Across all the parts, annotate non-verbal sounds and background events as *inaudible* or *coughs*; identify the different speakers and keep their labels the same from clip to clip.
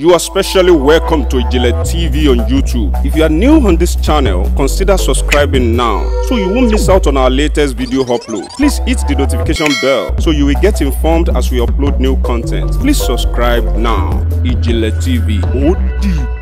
Speaker 1: You are specially welcome to Ijile TV on YouTube. If you are new on this channel, consider subscribing now so you won't miss out on our latest video upload. Please hit the notification bell so you will get informed as we upload new content. Please subscribe now. Ijile TV. Oh, dear.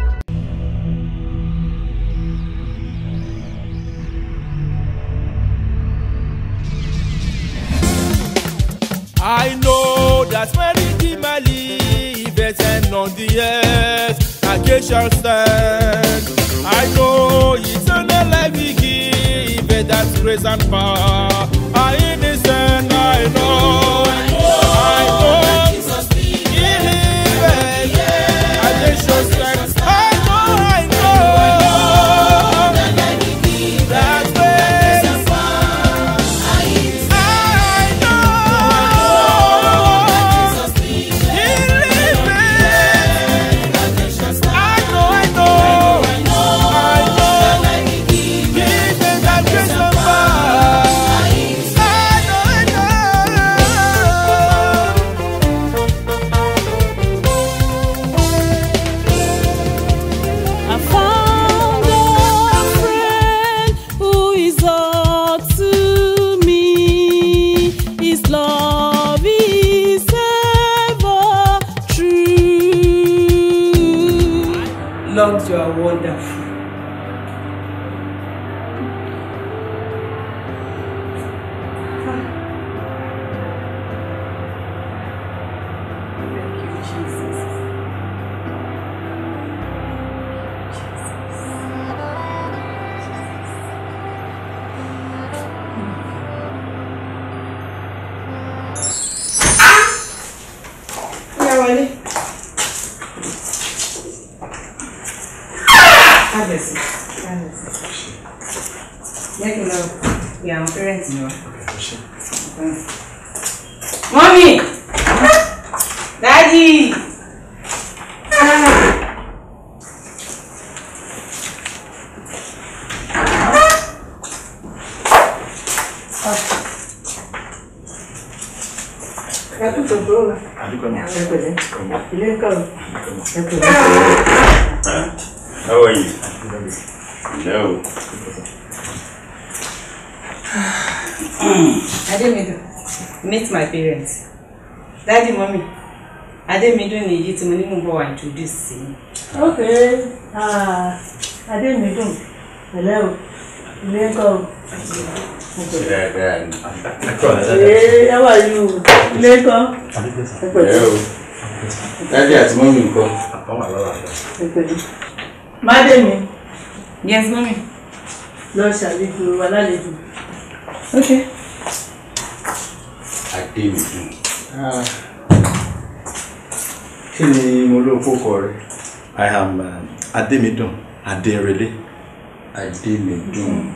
Speaker 2: the earth, I shall stand. I know eternal life we give, eh, that's grace and power. I in His
Speaker 3: Adémidùn meet my parents daddy mummy Adémidùn nìyí tí mo ní mò ń bọ̀ wá introduce sí mi. ok Hello, ah, pẹ̀lẹ́ o ilé ń kọ́
Speaker 1: o. ẹ wà yìí o
Speaker 2: ilé ń kọ́ ẹ pẹ̀lẹ́ o. daddy àti mummy ń kọ́.
Speaker 3: Mádèmí. yes mummy. lọ ṣàlejò alálejò. ok
Speaker 1: adé mi dùn. kí ni mo ló kókọ rẹ. i am uh, adémidùn adérelé. adémidùn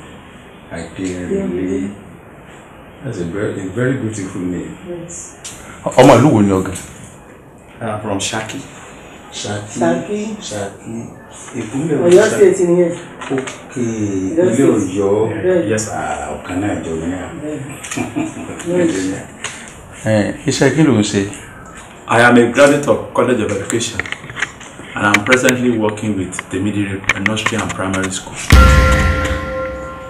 Speaker 1: that's a very a very beautiful name. ọmọ ìlú wo ni ọgàn. i'm ah, from Ṣakí. Ṣakí Ṣakí ìpínlẹ̀ Ọ̀yọ́. Ọ̀yọ́ state ni yẹn. ok ilé Ọ̀yọ́ ah, ọ̀kan náà jọ ní *laughs* à iṣẹ́ kí ló ń ṣe. I am a graduate of College of Education and I am presently working with the Middle Industry and Primary School.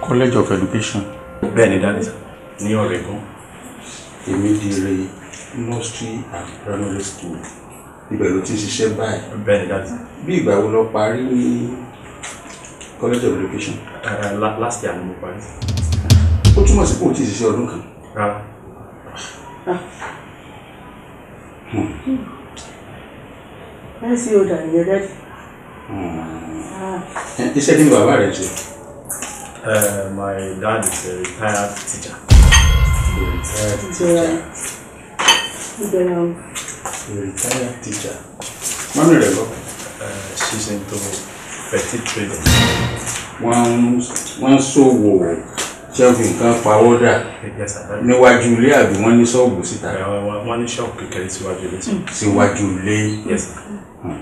Speaker 1: College of Education. Bẹ́ẹ̀ni dáadé ní the Middle Industry and Primary School. Ibẹ̀ ló ti ṣiṣẹ́ báyìí. Bẹ́ẹ̀ni dáadé. Bí ìgbà wo lọ parí ní College of Education? Uh, last year ni mo parí. Ó túmọ̀ sí pé o ti ṣiṣẹ́ ọdún kan. Rárá
Speaker 3: láìsí ọ̀dà ìyẹn dẹ́tì.
Speaker 1: iṣẹ́ kí ni bàbá rẹ̀ ṣe. my dad is a retired teacher. a retired teacher. a retired teacher. mọ́mí rẹ̀ lọ. Uh, she's into petty trading. wọ́n ń ṣòwò ṣe fi nǹkan pa wọ́n dà níwájú ilé àbí wọ́n ní ṣọ́ọ̀bù síta. Eh, wọ́n ní ṣọ́ọ̀bù kékeré síwájú ilé. Hmm. síwájú ilé. Hmm.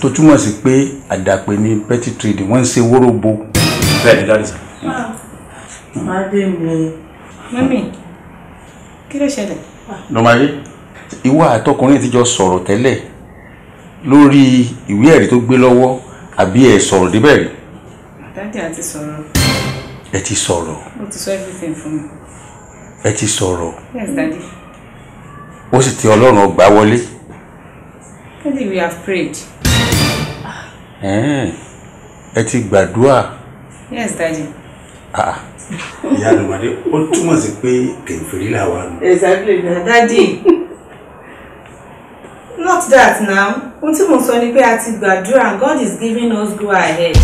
Speaker 1: tó túmọ̀ sí pé àdàpè ní petty trade wọ́n ń ṣe wóróbo. bẹ́ẹ̀ ni dáàdì sọ.
Speaker 3: Hmm. Ah. adé mi. mami kí ló ṣẹlẹ̀. Ah.
Speaker 1: lọ́mọdé ìwọ àtọkùnrin ti jọ sọ̀rọ̀ tẹ́lẹ̀ lórí ìwé ẹ̀rí tó gbé lọ́wọ́ àbí ẹ̀ sọ̀rọ̀ débẹ̀ rí.
Speaker 3: dáàdì àti sọ̀rọ̀
Speaker 1: ẹ ti sọ̀rọ̀.
Speaker 3: ó ti sọ everything fún mi.
Speaker 1: ẹ ti sọ̀rọ̀. yes daddy. ó sì ti ọlọ́run ọgbà wọlé.
Speaker 3: daddy we have prayed.
Speaker 1: ẹ ti gbàdúrà. yes daddy. ah ìyá àlùmọ́dé ó túmọ̀ sí pé kèfèrí là wà.
Speaker 3: exactly na daddy not that now ohun tí mo sọ ni pé a ti gbàdúrà God is giving us go ahead.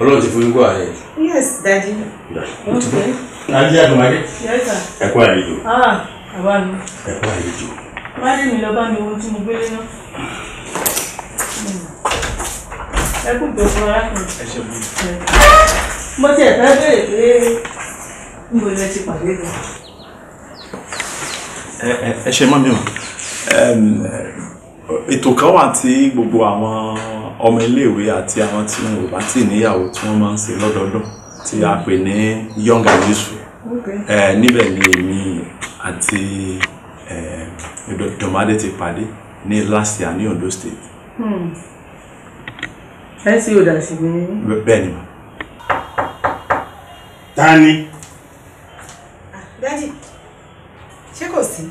Speaker 4: ọlọ́run ti fún yín go ahead. Yes, Daddy. Yeah. Okay. Ajé Adùnmáyé. Yes, sir. Ẹ kú àlejò. Ah, àwa mi. Ẹ kú àlejò. Wálé mi lọ bá mi ohun tí mo gbélé náà.
Speaker 3: Ẹ kú ìjọba arákùnrin. Ẹ ṣe mú mi. Mo ti ẹ̀fẹ́ béèrè pé n kò lè ti pàdé lọ.
Speaker 1: Ẹ ṣe mọ́ mi o. Ètò kan wà tí gbogbo àwọn ọmọ iléèwé àti àwọn tí wọn ò bá tì níyàwó tí wọ́n máa ń ṣe lọ́dọọdún tí a pè ní young adults níbẹ̀ ni èmi àti Jọ̀mádé ti pàdé ní last year ní Ondo State.
Speaker 3: ẹ sì ò dà sí ní.
Speaker 1: bẹ́ẹ̀ ni ma. ta ni.
Speaker 3: Ah, dádì ṣé kò sí.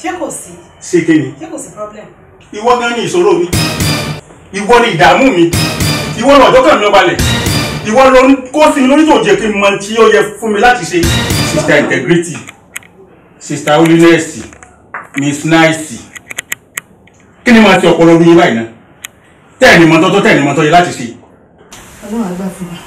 Speaker 3: ṣé kò sí. ṣé kí ni. ṣé kò sí problem
Speaker 1: ìwọ gan ni ìṣòro mi ìwọ ni ìdààmú mi ìwọ ni kan mi ò balẹ̀ ìwọ ló kó sí mi lórí tó jẹ́ kí n mọ tí ó yẹ fún mi láti ṣe sister integrity sister holiness miss nice kí ni màá ti ọpọlọ orí yín báyìí náà tẹ́ẹ̀ ni mọ́tọ́tọ́ tẹ́ẹ̀ ni mọ́tọ́ yẹ láti ṣe.
Speaker 5: ọlọ́run àgbà fún wa.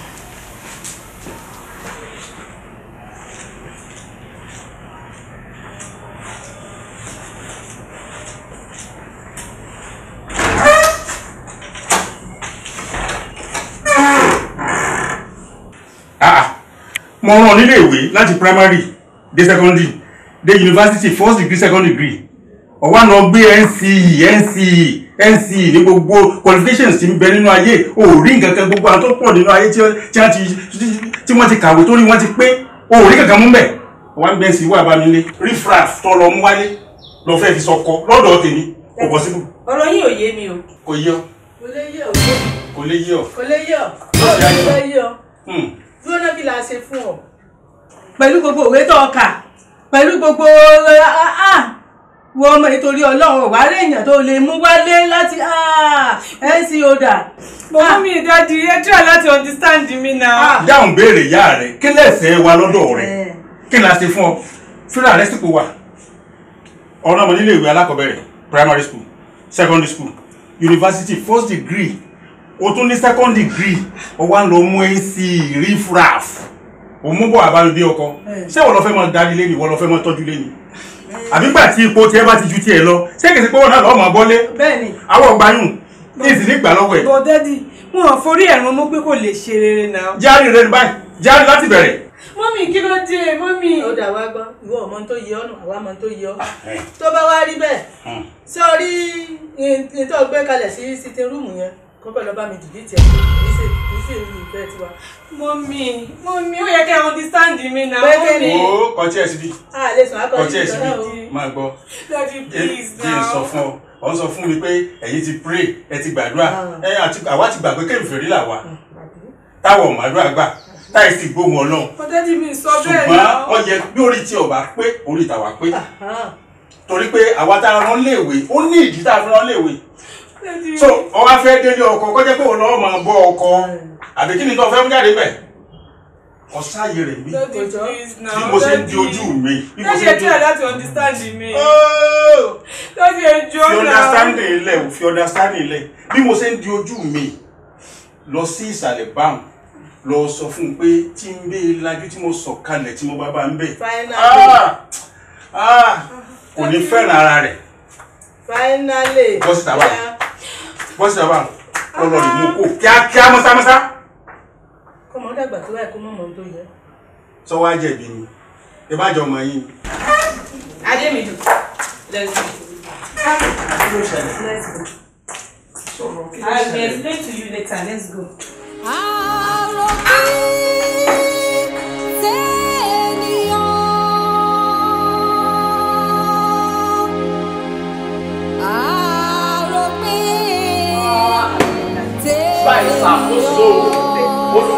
Speaker 1: mo rán nílé ìwé láti primary dé secondary dé university first degree second degree ọ̀wá náà gbé NCE NCE NCE ní gbogbo qualifications ti ń bẹ nínú ayé òórí nǹkan kan gbogbo àwọn tó pọ̀ nínú ayé tí wọ́n ti kàwé torí wọ́n ti pé òórí kankan mú bẹ̀ ọ̀wá ń bẹ NCE wà bá mi lé refraf tó lọ mú wáyé lọ fẹ́ fi sọkọ lọ́dọ̀ tèmi kò possible. ọ̀rọ̀ yín ò ye mi o. kò yé ọ. kò lè
Speaker 3: yé ọ. kò lè yé ọ. kò lè yé ọ. kò lè yé ọ. Hmm dúró náà kí la ṣe fún ọ. pẹ̀lú gbogbo òwe tó ọkà pẹ̀lú gbogbo ah, ah, ah. wọ ọmọ nítorí ọlọ́run ò wá rí tó lè mú wálé láti ẹ̀sìn ọ̀dà. bọ̀wọ́ mi ìdajì ẹ tíra láti understand mi náà. dáhùn
Speaker 1: béèrè ìyá rẹ kí lẹ́sẹ̀ wa lọ́dọ̀ rẹ eh. kí la ṣe fún ọ fúnra rẹ sípò wà ọ̀nà ọmọ nílé ìwé alákọ̀ọ́bẹ̀rẹ̀ primary school secondary school university first degree o tún ní second degree o wá ń lọ mú ac rifraf o mú bọ̀ àbáyọ bí ọkọ eh. ṣé wọ́n lọ fẹ́ mọ darí lé ni wọ́n lọ fẹ́ mọ tọ́jú lé ni àbí gbà tí ipò tiẹ̀ bá ti ju tiẹ̀ lọ ṣé kìí ṣe pé wọ́n náà lọ́ọ́ mọ̀ bọ́lé àwọn ọgbàyùn ní ìsìn nígbà lọ́wọ́ ẹ̀. bọ́dẹ́dì
Speaker 3: Mo ò forí ẹ̀rùn mú pé kò lè ṣe rere náà.
Speaker 1: járe rẹ ní báyìí
Speaker 3: járe láti bẹ̀rẹ̀ mọ́mí kí ló dé mọ́mí. ó dà wá gbọ́ ìwọ ọmọ tó yẹ ọ́nà àwa ọmọ tó yẹ ọ́ ah, eh. tó bá wá rí bẹ́ẹ̀ sọ hmm. rí ní tó gbé kalẹ̀ sí sitin rúùmù yẹn kó bẹ́ẹ̀ lọ bá mi dìde tiẹ̀ kì í ṣe kì í ṣe ìlú ìfẹ́ tiwa. mọ́mí mọ́mí ó yẹ kí ẹ understand mi náà mọ́mí. o kọ tí ẹ síbi kọ tí ẹ síbi
Speaker 1: máa gbọ́
Speaker 5: jẹ́ sọ
Speaker 1: fún ọ ọ sọ fún mi pé ẹ̀yin ti pray ẹ ti gbàdúrà ah. ẹ àti àwa ti hmm, gbà pé kèfèrí là wà táwọn ọmọ àdúrà gbà táì sì gbóhùn Ọlọ́run
Speaker 3: ṣùgbọ́n
Speaker 1: ó yẹ bí orí tí ọba pé orí tàwa pé torí pé àwa tá a rán léèwé ó ní ìdí tá a fi rán léèwé so ọwọ́ afẹ́ délé ọkọ kọjá pé òun náà máa bọ́ ọkọ àbí kí ni tó fẹ́ mú jáde bẹ́ẹ̀ ọ̀sáyé rẹ̀
Speaker 3: mí bí mo ṣe ń di ojú
Speaker 1: mi bí mo ṣe ń di ojú
Speaker 3: mi oh! fi understanding
Speaker 1: ilẹ̀ fi understanding ilẹ̀ bí mo ṣe ń di ojú mi lọ sí ìsàlẹ̀ báwọn lọ sọ fún un pé tí n bẹ lajú tí mo sọ kalẹ̀ tí mo bá bá ń bẹ̀ ah! Ah! Ah, kò ní fẹ́ràn ara rẹ̀ bọ́ síta báyìí wọ́n sì sábà lọ́lọ́ rẹ̀ mú kó kíákíá mọ́sámọ́sá.
Speaker 3: kọ́mọ dàgbà tó wáyé kó mọ̀ mọ́ tó yẹ.
Speaker 1: sọ wá jẹ̀bi ni ẹ bá jọ mọ yín.
Speaker 3: adémídù lẹ́sìn. kí ló ṣẹlẹ̀. let's go.
Speaker 6: sọ̀rọ̀ kí ló ṣẹlẹ̀. i will
Speaker 3: explain to you later let's go. àròkè.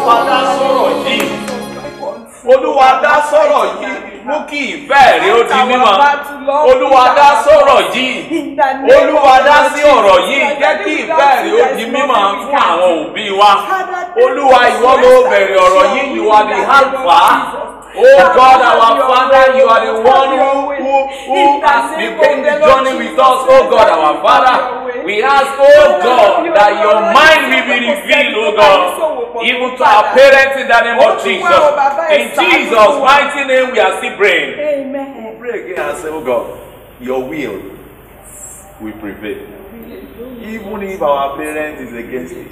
Speaker 6: olúwa dá sọ̀rọ̀
Speaker 2: yìí
Speaker 1: olúwa dá sọ̀rọ̀ yìí mú kí ìfẹ́ rẹ ó di mímọ́ olúwa dá sọ̀rọ̀ yìí
Speaker 2: olúwa dá sí ọ̀rọ̀ yìí
Speaker 1: jẹ́ kí ìfẹ́ rẹ ó di mímọ́
Speaker 2: fún àwọn òbí wa
Speaker 5: olúwa ìwọ ló bẹ̀rẹ̀ ọ̀rọ̀ yìí ìwà ni alfa
Speaker 2: Oh God, our Father, you are the one who,
Speaker 5: who, who has
Speaker 1: begun the journey with us. O oh God, our Father, we ask, O oh oh, God, that your mind will be even to our parents in the name of Jesus. In Jesus' mighty name, we are still praying.
Speaker 5: Amen. We pray again and
Speaker 1: say, Oh God, your will will prevail. Even if our parents is against it,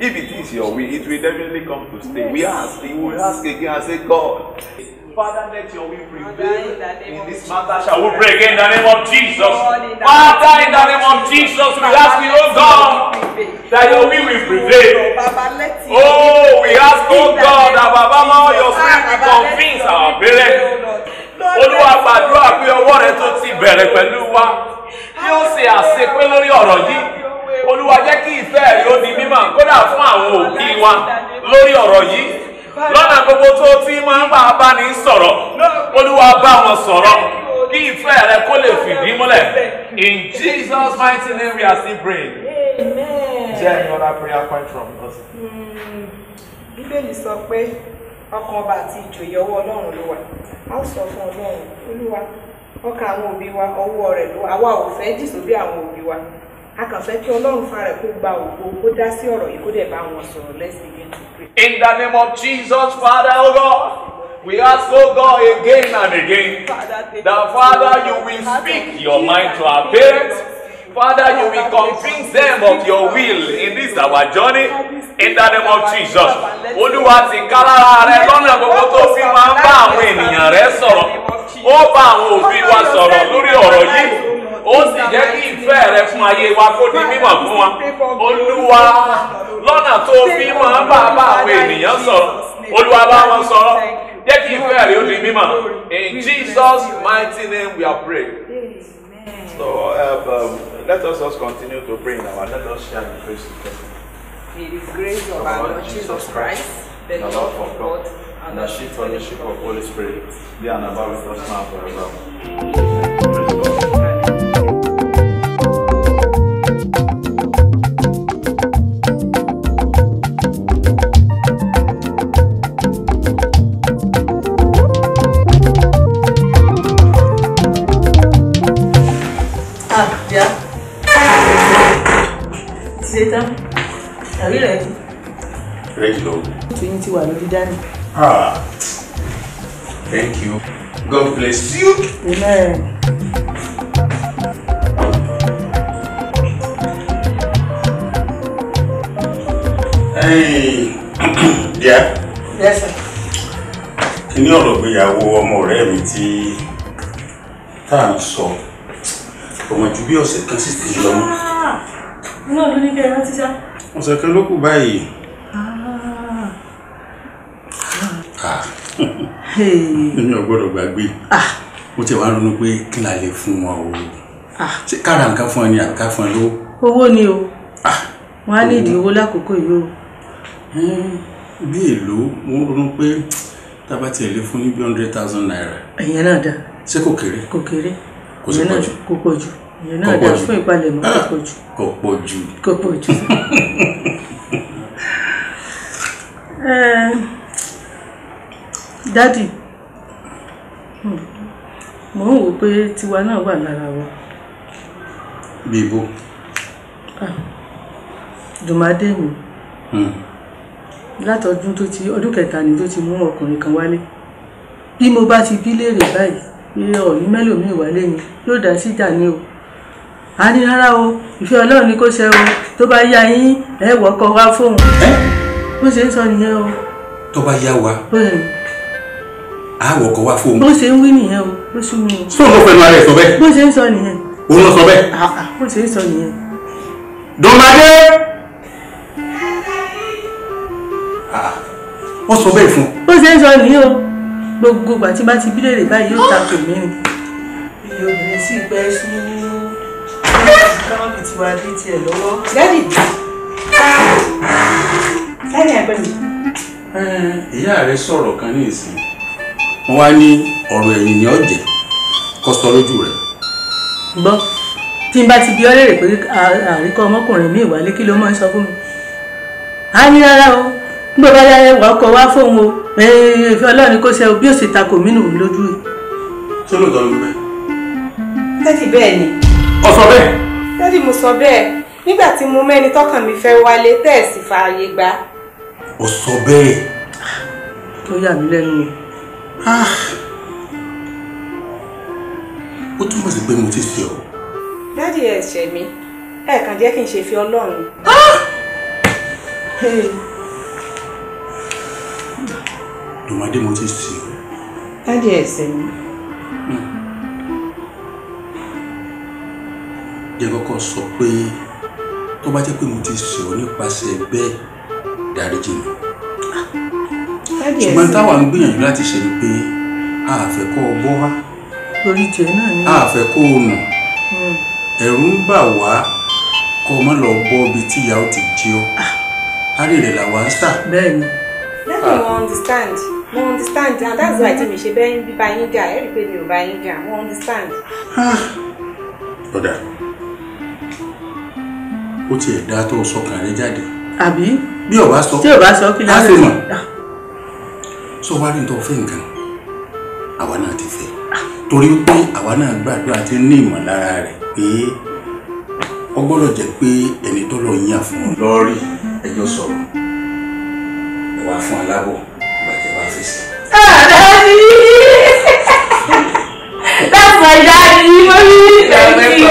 Speaker 1: if it is your will, it will definitely come to stay. We ask, we will ask again and say, God. Father, let your will prevail in this matter. Shall we pray again in the name of Jesus?
Speaker 3: Father, in the
Speaker 5: name of Jesus, we ask you, oh God, that your will will prevail. Oh, we ask, oh God, that Baba Mama, your
Speaker 1: spirit will convince our parents. Olúwa gbàdúrà pé ọwọ́ rẹ tó ti bẹ̀rẹ̀ pẹ̀lú wa kí ó ṣe àṣepé lórí ọ̀rọ̀ yìí. Olúwa jẹ́ kí ìfẹ́ rẹ ó di mímọ̀ kódà fún àwọn òbí wa lórí ọ̀rọ̀ yìí. lọ́nà gbogbo tó ti máa ń bá a bá ní sọ̀rọ̀ olúwa bá wọn sọ̀rọ̀ kí ìfẹ́ rẹ kó lè fìdí múlẹ̀ in Jesus mighty name we are still praying. jẹ́ any other prayer point from us.
Speaker 3: Hmm. bíbélì sọ pé ọkàn ọba àti ìjòyè ọwọ́ ọlọ́run ló wà a ó sọ fún ọlọ́run olúwa ọkàn àwọn òbí wa ọwọ́ rẹ̀ ló àwa ò fẹ́ jìsọ bí àwọn òbí wa. a kí ọlọ́run fara kó gba ògo kó dá sí ọ̀rọ̀ yìí kó dẹ̀ bá wọn sọ̀rọ̀ let's begin to
Speaker 1: pray. in the name of Jesus Father O God. We ask, O God, again and again, that Father, you will speak your mind to our parents, Father, you will convince them of your will in this our journey in the name of Jesus.
Speaker 5: Olúwa ti ká lára rẹ lọ́nà gbogbo
Speaker 1: tó fi máa ń bá àwọn ènìyàn rẹ sọ̀rọ̀. Ó bá àwọn òbí wa sọ̀rọ̀ lórí ọ̀rọ̀ yìí. Ó sì jẹ́ kí ìfẹ́ rẹ fún ayé wa kó di mímọ̀ fún wa. Olúwa lọ́nà tó fi máa ń bá àwọn ènìyàn sọ̀rọ̀. Olúwa bá wọn sọ̀rọ̀. Jẹ́ kí ìfẹ́ rẹ ó di mímọ̀. In Jesus' mighty name we are
Speaker 2: praying.
Speaker 1: So uh, um, let us just continue to pray now and let us share the grace together. May the grace of our Lord Jesus Christ, the love of God, and the sweet fellowship of Holy Spirit be and abide with us now forever. dání ẹ̀rí rẹ̀ jù. rẹ́jì lọ. tòyìn ti wà lórí dání. Ah, thank you god bless
Speaker 5: you. amen. Hey, yeah. *coughs* Yes, sir. Kí ni ọ̀rọ̀ ìgbéyàwó ọmọ ọ̀rẹ́ mi tí
Speaker 1: tá à ń sọ? Ọmọ ju bí ọ̀sẹ̀ kan sí ti lọ náà ló ní kẹ́ ẹ rántí sá. ọ̀sẹ̀ kan ló kù báyìí. Ah. Ah. *laughs* mi ò gbọ́dọ̀ gbàgbé ah. mo ti wá ronú pé kí la lè fún wọn o ṣé kára nǹkan fún ẹ ní àbíká fún ẹ lówó.
Speaker 3: owó ni o wọn á ní ìdí owó
Speaker 1: lákòókò yìí o. Eh, bí èlò mo ronú pé tábà tiẹ̀ lè fún ní bí hundred thousand naira. ẹ̀yẹn náà dá.
Speaker 2: ṣé kò kéré. kò kéré. kò sí pọ̀ ìyẹn náà dà fún ìpalẹ̀mọ́
Speaker 5: kò pọ̀ jù.
Speaker 3: kò pọ̀ jù. kò pọ̀ jù. *laughs* Eh, dádì mò ń wò pé tiwa náà wà lára
Speaker 1: wa. bíbó.
Speaker 3: dùmádé mi látọdún tó ti ọdún kẹta ni tó ti mú ọkùnrin kan wálé bí mo bá ti bí léèrè báyìí pé ọ̀rí mẹ́lòmíì wálé ni yóò dá síjà ní o a ní rárá o ìfẹ́ ọlọ́run ni kò ṣe o tó bá yá yín ẹ wọ́kọ̀ wá fóun bó ṣe ń sọ nìyẹn o.
Speaker 1: tó bá yá wa a wọ́kọ̀ wá fóun. bó ṣe ń wí nìyẹn o bó ṣe ń wí. sọ̀rọ̀ ló fẹnu ara ẹ̀ sọ bẹ́ẹ̀. bó ṣe ń sọ nìyẹn. òun ló sọ bẹ́ẹ̀. Ah, ah, bó ṣe ń sọ nìyẹn. dùnmadé. wọ́n ah, sọ bẹ́ẹ̀ fún. bó ṣe ń sọ nìyẹn
Speaker 3: o gbogbo àti bá ti bí lèrè báyìí yóò ta kò mí ni káwọn ti wá dé tiẹ̀ lọ́wọ́. dẹ́dì
Speaker 1: dẹ́dì ẹgbẹ́ mi. ìyá rẹ sọ̀rọ̀ kan ní ìsìn wọn wá ní ọ̀rọ̀ ẹ̀yìn ni ọ̀jẹ̀ kọ́sọ́ lójú rẹ̀.
Speaker 3: gbọ́ tí n bá ti bi ọ́ léèrè pé àríkọ́ ọmọkùnrin mi ìwálé kí ló máa ń sọ fún mi. a ní rárá o gbọ́ bá yára wà ọkọ̀ wá fóun o ìfẹ́ ọlọ́run kó ṣe o bí ó sì takò mí nù lójú rẹ̀. sólùtọ́ ló ń bẹ̀. tẹ́tí bẹ́ẹ̀ ni. ọ̀sọ̀ bẹ́ẹ̀ dádì mo sọ bẹ́ẹ̀ nígbà tí mo mẹ́ni tọkàn mi fẹ́ wálé tẹ́ ẹ̀ sì fààyè gbà.
Speaker 1: ó sọ bẹ́ẹ̀.
Speaker 3: tó yà mí lẹ́nu ni. Ah.
Speaker 1: ó túmọ̀ sí pé mo ti ṣe ọ́.
Speaker 3: dádì ẹ̀ ṣẹ̀ mi ẹ̀ kàn jẹ́ kí n ṣe fi ọlọ́run. Ah!
Speaker 1: dùmọ̀dé mo ti ṣe ọ́.
Speaker 3: dádì ẹ̀ mi.
Speaker 1: jẹ́ kọ́kọ́ sọ pé tó bá jẹ́ pé mo ti ṣẹ̀ ọ́ nípasẹ̀ bẹ́ẹ̀ dáríjì mi ṣùgbọ́n táwa ń gbìyànjú láti ṣe ni pé a fẹ́ kó o bọ́ wá lórí tiẹ̀ náà ni a fẹ́ kó o nù hmm. ẹ̀rù ń bà wá kó o má lọ bọ́ ibi tí ìyá ó ti jí ọ ah. á lè rẹ̀ làwa ń sà. bẹ́ẹ̀ni.
Speaker 3: lẹ́yìn wọn understand mo understand and that's why tí ṣe bẹ́ẹ̀ bí bá yín gà ẹ̀rí pé mi ò bá yín gà mo understand.
Speaker 1: ọ̀dà. Ah ó tiẹ̀ dáa tó sọkàn rẹ jáde. àbí bí ọba sọ tí ọba sọ kí ló ń mọ. sọ wá rí nítorí fẹ́ nǹkan àwa náà ti fẹ́ torí pé àwa náà gbàdúrà ti ní ìmọ̀lára rẹ̀ pé ó gbọ́dọ̀ jẹ́ pé ẹni tó lọ yàn fún ọ lọ́ọ̀rì ẹjọ́ sọ̀rọ̀ ẹ wá fún alábọ̀ ìbàjẹ́ wá fèsì.
Speaker 6: dáàbì dáàbì dáàbì mo ní ìfẹ́ kí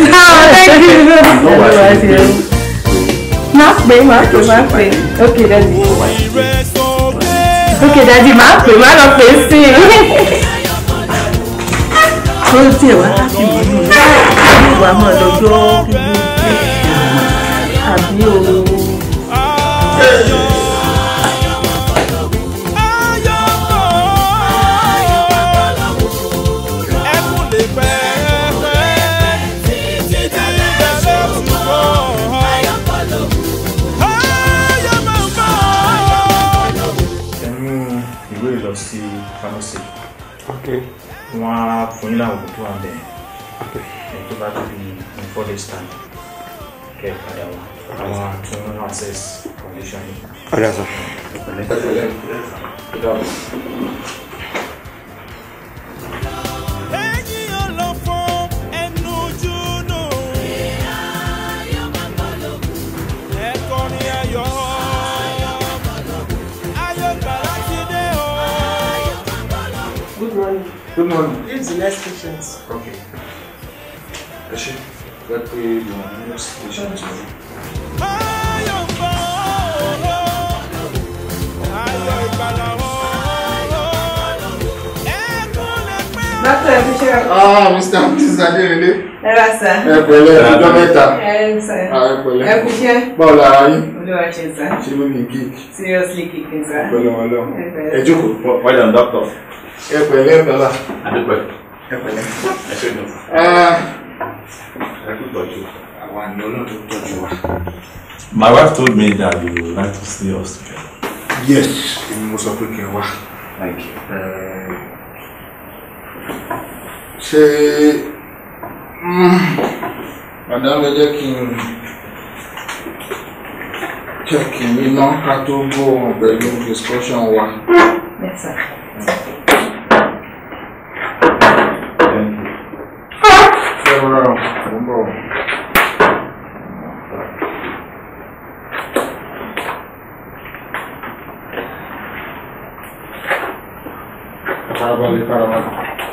Speaker 6: oh, thank you. No worries.
Speaker 3: No máa pè máa pè máa pè okay daddy. okay daddy máa pè máa lọ pè sí i. ó tiẹ̀ wá láti mọ̀ ní ìlú ìwà mọ̀ lọ́jọ́ bíbí àbí o.
Speaker 1: back in, in four days time kẹ́ padà wá àwọn àtúnú access condition yìí. ọ̀dà sọ.
Speaker 2: Good morning. Good morning. Use the next questions, Okay ẹ ṣe pé pé ìwọ̀n ní ṣèṣin
Speaker 3: tó yẹ. ayọ̀ ń bọ̀ ọ̀rọ̀ ayọ̀ ìgbàlà Dr. Fisher. Ah, Mr. Mrs. Adelele. Ẹ bá sá. Ẹ pẹ̀lẹ́ ọjọ́ mẹ́ta.
Speaker 6: Ẹ sá. Ẹ
Speaker 3: pẹ̀lẹ́. Ẹ kú iṣẹ́. Báwo la ara yín? Olúwa ṣe sá. Ṣé ló ní gig? Seriously gig ni sá. Pẹ̀lẹ́ wọn
Speaker 1: lọ. Ẹ jókòó. Well done, doctor. Ẹ pẹ̀lẹ́ bàbá. Adúpẹ́. Ẹ pẹ̀lẹ́. Ẹ ṣe dùn. My wife told me that you would like to stay us together. Yes, in most of the world. Thank you. Uh, ṣé mm, Madam ẹ jẹ́ kí n check in We iná ká tó gbóhùn pẹ̀lú discussion
Speaker 6: one.
Speaker 5: Yes, sir. Mm.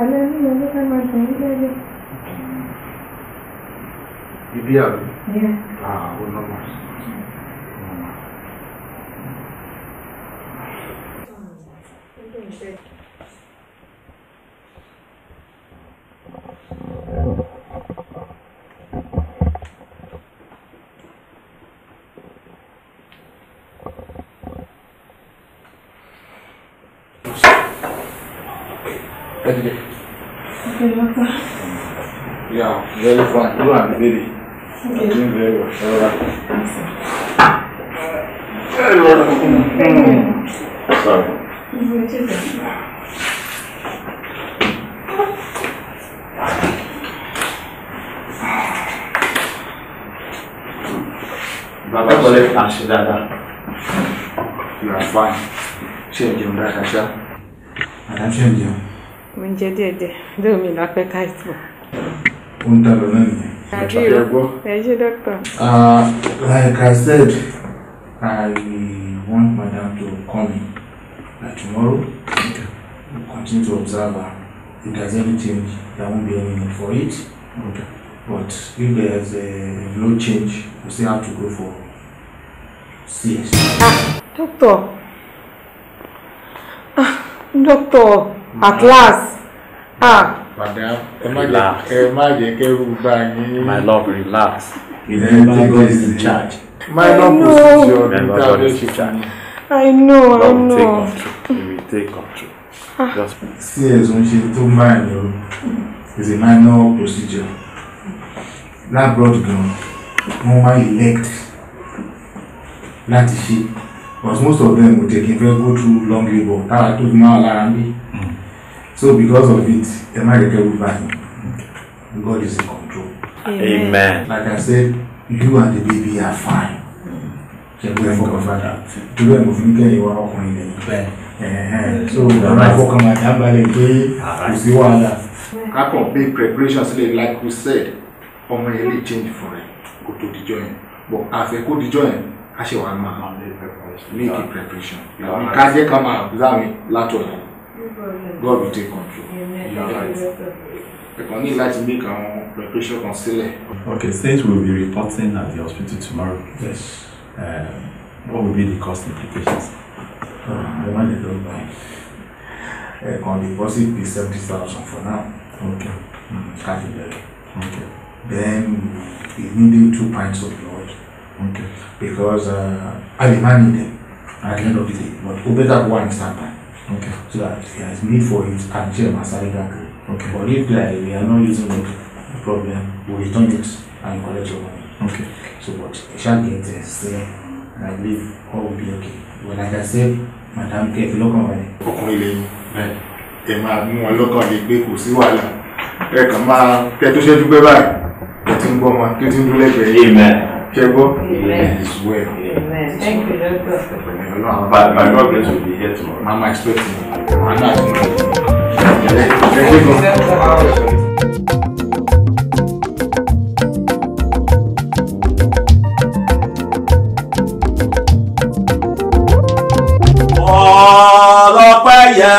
Speaker 5: Kalemi yolu kamarsayı gelir.
Speaker 4: Gidiyor. Yes.
Speaker 5: Aa, olmaz. Thank you. ẹ ti dẹ.
Speaker 1: yà very fine ló wà ní bèrè àti ní bèrè wà ṣọlá. ẹ lọ rẹ fún mi. sorry. Bàbá wọlé àṣẹ dáadáa. Yóò àfáà ṣé ìjẹun dáadáa
Speaker 3: mo ń jẹ díẹ̀díẹ̀ dóò mi là pẹ́ káìsì bọ̀.
Speaker 5: ó ń dà lọ o ẹ ṣe
Speaker 1: ah, like i said i want madam to come in like tomorrow we continue to observe her if there's any change there won't be any need for it okay. but if there's a no change we still have to go for CS. ah
Speaker 5: doctor. Ah doctor Atlas, ah.
Speaker 1: madam ẹ má my love relax you remember God is in charge. my love is your intervention.
Speaker 5: i know i know. take control you will take control. Ah.
Speaker 1: just. sí ẹ̀sùn ṣe tó máa ń yọ is a minor procedure lábúrò gan-an wọ́n elect láti ṣe. Because most of them kò jẹ́ kí go through long labour tára I told you now, ń bí so because of it ẹ má gẹ́gẹ́ wí báyìí God is in control. Amen. Like I said, you and the baby are fine. Thank you ṣẹgbẹ́ fọkànfàdà dúró ẹ̀ mọ̀ fún kẹ́yìn wa ọkùnrin lẹ́yìn. so àwọn afọkànbalẹ̀ abalẹ̀ pé kò sí wàhálà. kákan pay preparation sílẹ̀ like we said ọmọ yẹn lè change fún rẹ̀ kó tó dijọ́ yẹn but àfẹ́ kó dijọ́ yẹn á ṣe wàá máa make a preparation can't come out. máa láàmì látọ̀dọ̀
Speaker 5: God will take control
Speaker 1: you are right ẹ̀kọ́ ní láti make àwọn preparation kan sílẹ̀. okay since we will be reporting at the hospital tomorrow yes. um, what will be the cost implications. The money don't know by deposit be seventy thousand for now. okay. Mm, okay. then he needed two pints of blood. Okay. Because uh, I demand them at the end of the day. But we better go and stand by. Okay. So that there is need for it and Jim and Saliga agree. Okay. But if like, we are not using it, no problem, we return it and collect your money. Okay. So but it shall get uh, eh? and I believe all will be okay. But like I said, Madam Kev lọ́kàn wa ni. Ọkùnrin lè bẹ́ẹ̀ ẹ máa mú wọn lọ́kàn lè pé kò sí wàhálà ẹ kàn máa tẹ tó ṣẹ́jú pé báyìí ẹ ti ń gbọ́ wọn tó ti ń dúró lẹ́gbẹ̀ẹ́. Amen.
Speaker 5: Chegou? Amen. It's well. Amen. Thank you, Doctor. By, by God's grace, we'll be here tomorrow. Mama expecting me. I'm not
Speaker 1: expecting you. Thank you, Doctor. Ọlọ́pẹ́ yẹ,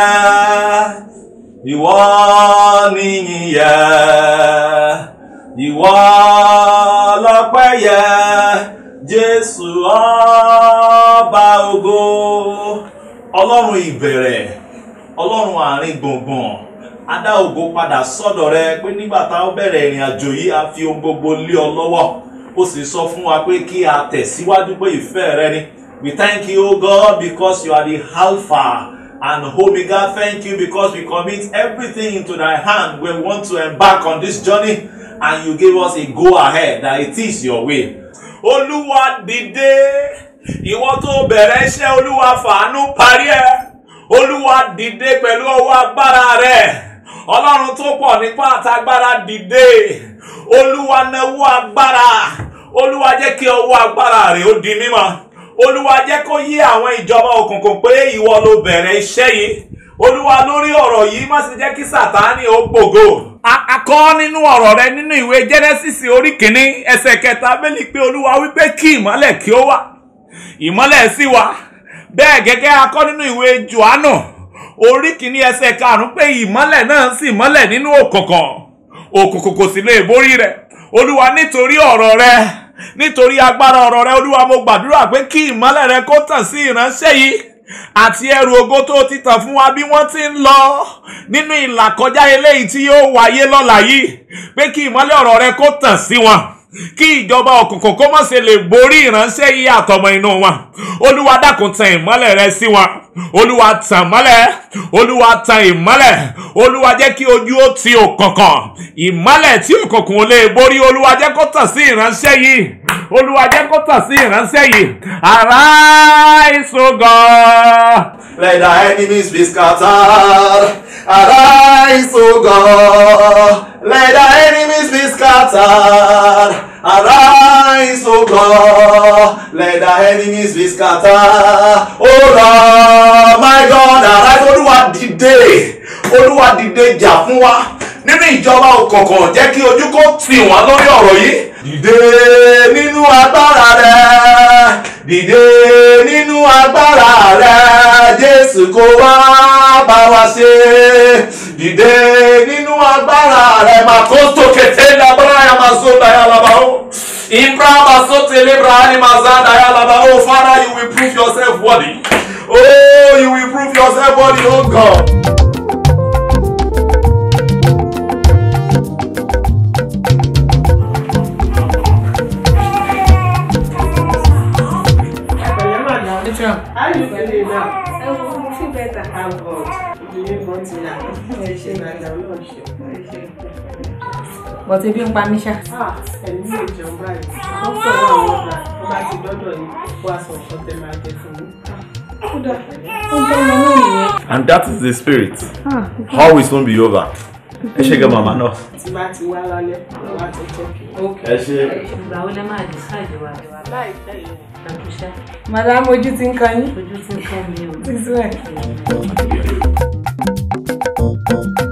Speaker 1: ìwọ níyìn yẹ, ìwọ ọlọ́pẹ́ yẹ. jesu ọba ògo ọlọ́run ìbẹ̀rẹ̀ ọlọ́run àárín gbùngbùn adá ògo padà sọ́dọ̀ rẹ pé nígbà tá a bẹ̀rẹ̀ ìrìn àjò yìí a fi ohun gbogbo lé ọ lọ́wọ́ ó sì sọ fún wa pé kí a tẹ̀síwájú pé ìfẹ́ rẹ ni we thank you o God because you are the alpha and omega thank you because we commit everything into thy hand when we want to embark on this journey and you give us a go ahead that it is your way. olúwa dìde ìwọ tó bẹ̀rẹ̀ iṣẹ́ olúwa fàánú parí ẹ̀ olúwa dìde pẹ̀lú ọwọ́ agbára rẹ̀ ọlọ́run tó pọ̀ nípa àtagbára dìde olúwa náwó agbára olúwa jẹ́ kí ọwọ́ agbára rẹ̀ ó di mímọ́ olúwa jẹ́ kó yé àwọn ìjọba òkùnkùn pé ìwọ ló bẹ̀rẹ̀ iṣẹ́ yìí olúwa lórí ọ̀rọ̀ yìí má ṣe jẹ́ kí sàtáni ó gbògo. a kọ nínú ọ̀rọ̀ rẹ nínú ìwé Genesis orí kìíní ẹsẹ̀ kẹta bẹ́ẹ̀ni pé olúwa wípé kí ìmọ́lẹ̀ kí ó wà ìmọ́lẹ̀ sì wà bẹ́ẹ̀ gẹ́gẹ́ a nínú ìwé Jòhánù orí kìíní ẹsẹ̀ karùn-ún pé ìmọ́lẹ̀ náà sì mọ́lẹ̀ nínú òkùnkùn òkùnkùn kò sì lè borí rẹ̀ olúwa nítorí ọ̀rọ̀ rẹ nítorí agbára ọ̀rọ̀ rẹ olúwa mo gbàdúrà pé kí ìmọ́lẹ̀ rẹ kó tàn sí ìránṣẹ́ yìí àti ẹrù ògo tó ti tàn fún wa bí wọ́n ti ń lọ nínú ìlà kọjá eléyìí tí yóò wáyé lọ́la yìí pé kí ìmọ́lẹ̀ ọ̀rọ̀ rẹ kó tàn sí wọn kí ìjọba òkùnkùn kó má ṣe lè borí ìránṣẹ́ yìí àtọmọ inú wọn olúwa dákun tan ìmọ́lẹ̀ rẹ sí wọn olúwa tàn mọ́lẹ̀ olúwa tan ìmọ́lẹ̀ olúwa jẹ́ kí ojú ó ti òkùnkùn ìmọ́lẹ̀ tí òkùnkùn ò lè borí olúwa jẹ́ kó tàn sí ìránṣẹ́ yìí olúwa jẹ́ kó tàn sí ìránṣẹ́ yìí arise o God. let thy enemies be scattered
Speaker 2: arise o God let thy enemies be scattered. Arise,
Speaker 1: O God, let thy enemies be scattered. O oh Lord, my God, arise, Olúwa dìde, Olúwa dìde jà fún wa nínú ìjọba òkùnkùn jẹ́ kí ojú kó tì wọ́n lórí ọ̀rọ̀ yìí. dìde nínú
Speaker 5: agbára rẹ
Speaker 1: dìde nínú agbára rẹ Jésù kó wá bá wa ṣe dìde nínú agbára rẹ màkóso kété lágbára yà máa so dàyà lábá ó. Ibra basote libra anima zada ya laba. Oh Father, you will prove yourself worthy. Oh,
Speaker 2: you will prove yourself worthy, oh God.
Speaker 3: but ebi ń pa mí ṣá. ẹ̀mí ò jẹun báyìí dókítà wà lọ́dà tó bá ti dọ́dọ̀ yìí kó aṣọ ọ̀ṣọ́ máa jẹ fún mi.
Speaker 1: and that is the spirit ah, how we soon be over ẹ ṣe gan màmá náà.
Speaker 3: tí bá ti wá lálẹ́ ló wá ti tọ́ ẹ ṣe. ìgbà wo lẹ máa decide wa láìpẹ́ yìí. madam ojú ti ń kan yín. ojú ti ń kan mi o.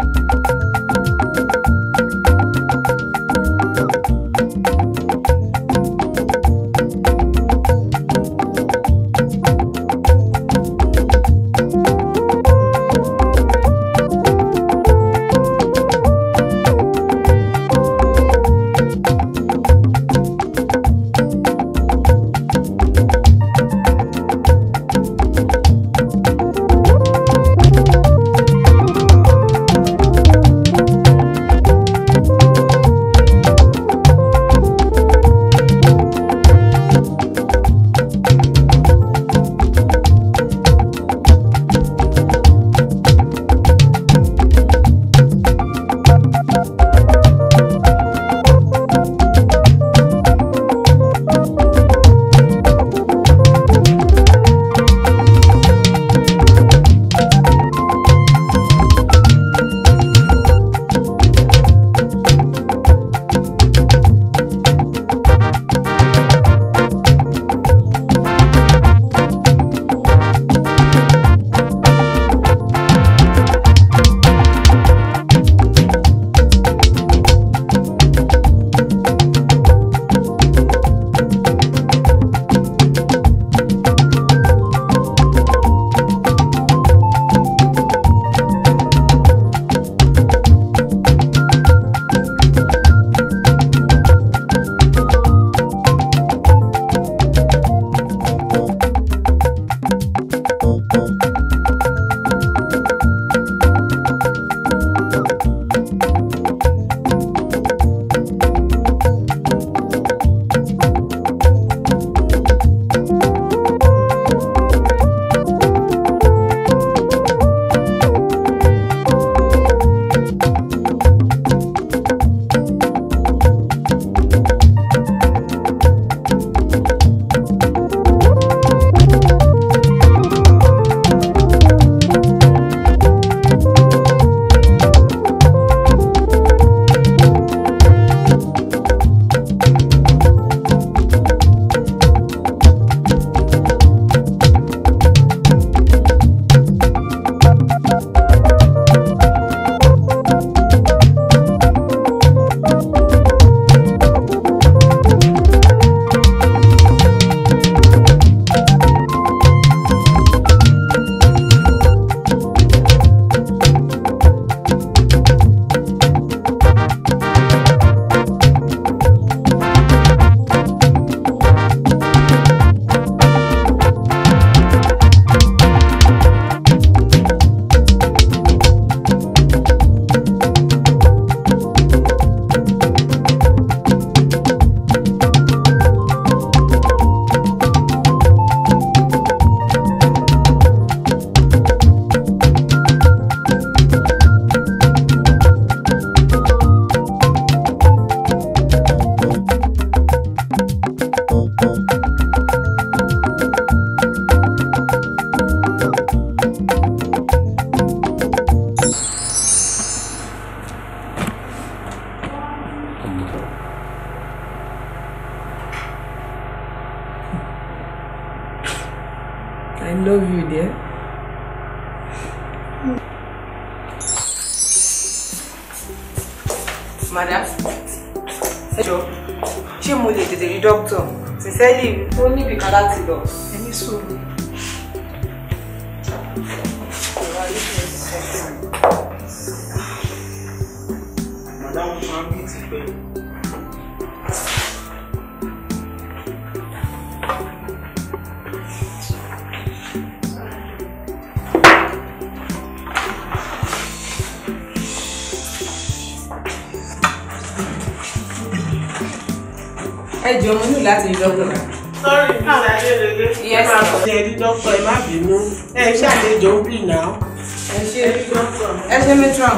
Speaker 3: ẹ ṣe matron.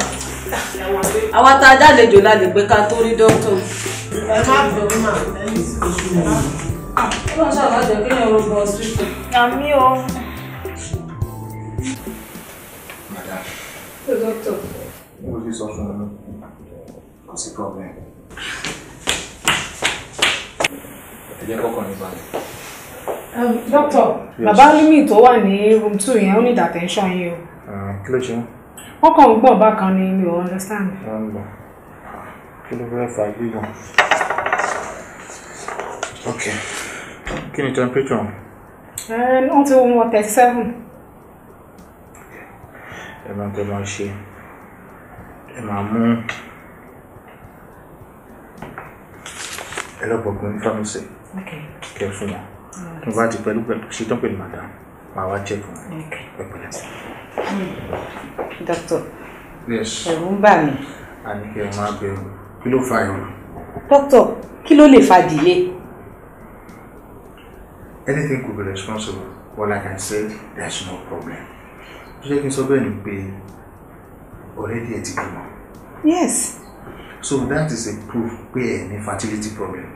Speaker 3: àwa tá a dálejò la lè gbé ká tó rí dókítà. ẹ má bọ̀ ọ́ mà ẹ̀yìn sí oṣù Ọlọ́run
Speaker 1: ṣáà lájọ kí ni orúkọ ọ̀sìtò. Àmì o. Madam. Ṣé dókítà? Mo lè sọ fún ọ kò sí problem. Ẹ jẹ́ kọ́kàn ní balẹ̀.
Speaker 3: Dókítà, bàbá Límì tó wà ní room two yẹn ó ní ìdàtẹ́ńṣọ́ yín o.
Speaker 1: Ah, kí ló ṣe wọ́n?
Speaker 3: wọ́n kàn ń gbọ̀n bákan ni mi ò understand.
Speaker 1: kí ló fẹ́ fà gbígbọ̀n. ok kí ni temperature wọn.
Speaker 3: Eh, wọ́n ti wọ́n thirty seven.
Speaker 1: ẹ máa tẹ́ máa ṣe ẹ máa mú ẹ lọ́pọ̀ gbọ́n fámọ́sì kẹ́ fún wọn. tó bá ti pẹ̀lú pẹ̀lú ṣetán pẹ̀lú màdá màá wá jẹ́ fún wọn. ẹ pẹ̀lẹ́ dókítà ẹ̀rù ń bà mí. àníkẹ́ ẹ̀ máa bẹ̀rù kí ló fa ẹ̀rù.
Speaker 3: dókítà kí ló lè fa dìlé.
Speaker 1: anything could be responsible but like I said there's no problem. ó jẹ́ kí n sọ bẹ́ẹ̀ ni pé already ẹ ti bímọ. yes. so that is a proof pé ẹ ní fertility problem.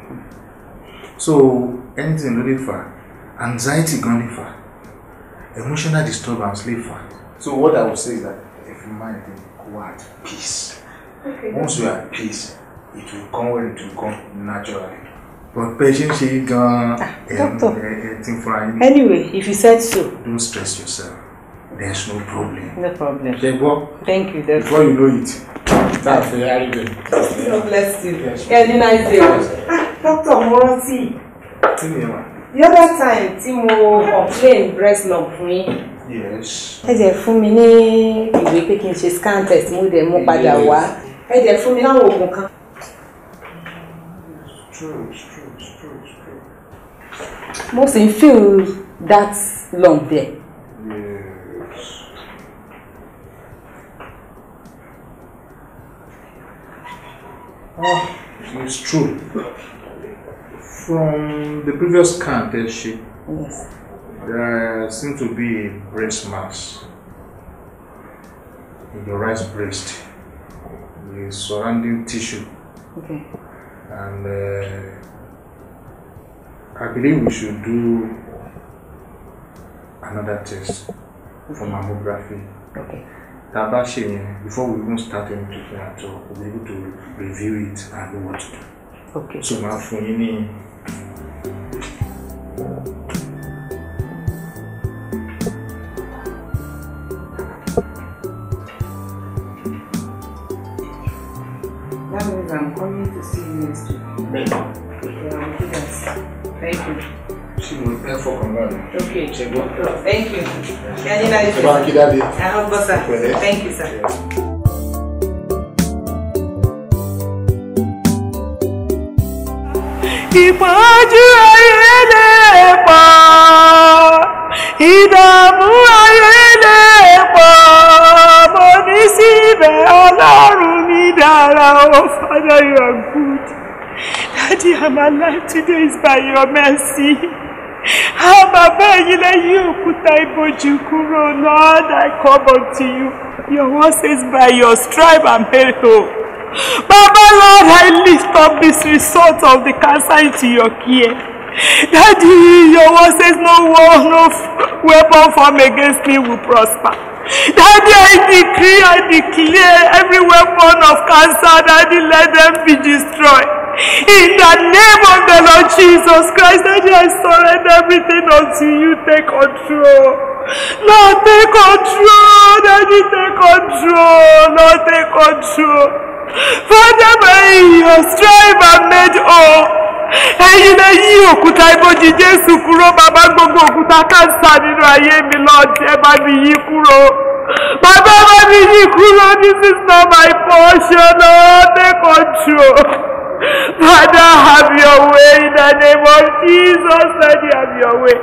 Speaker 1: so anything ló lè fà anxiety gan lè fà emotional disturbance lè fà. So what I would say is that if you mind, go at peace. Okay. Once you are at peace, it will come when it will come naturally. But patience ṣe gan Anything for yín. Anyway, if you said so. Don't stress yourself. There's no problem. No problem. Okay, gbọ́? Thank you. That's Before you know it, that's a fẹ́
Speaker 3: God bless you. Kẹ́ ní nice day o. Ah, doctor, mo rántí. Kí ni The other time Timo complained breast lump for me. Yes. ẹ jẹ́ fún mi ní ìwé pé kí n ṣe scan test mo dẹ̀ mú padà wá ẹ jẹ́ fún mi láwọn oògùn kan. mo sì ń feel that lump there. Yes.
Speaker 5: Ah, it's true. From
Speaker 1: the previous scan, she. Yes there seem to be breast marks in your right breast, the surrounding tissue. Okay. And uh, I believe we should do another test okay. for mammography. Okay. Tabashi, before we even start anything at all, we'll be able to review it and know what to do. Okay. So, now for you, thank you thank you
Speaker 5: sir. Yeah. ayé lè pọ̀ ìdààmú ayé lè pọ̀ mo ní síbẹ̀ ọlọ́run mi dára o Father you are good Daddy, I'm alive today is by your mercy. How bàbá yìí lẹ́yìn òkúta ìbòjú kúrò Lord I come unto you. Your word says by your stripe I'm made whole. Bàbá Lord I lift up this result of the cancer into your care. Daddy your word says no war no weapon formed against me will prosper. Daddy, I decree, I declare every weapon of cancer, Daddy, let them be destroyed. In the name of the Lord Jesus Christ, I just surrender everything unto you. Take control. Lord, take control. Daddy, take control. Lord, take control. Father, may your strive and made all. ẹ̀yin lè yí òkúta ibojì jésù kúrò bàbá gbogbo òkúta káńsà nínú ayé mi lọ́ọ̀tì ẹ bá mi yí kúrò bàbá bá mi yí kúrò this is not my portion ọ̀ take control. Father, have your way in the name of Jesus. Daddy, have your way.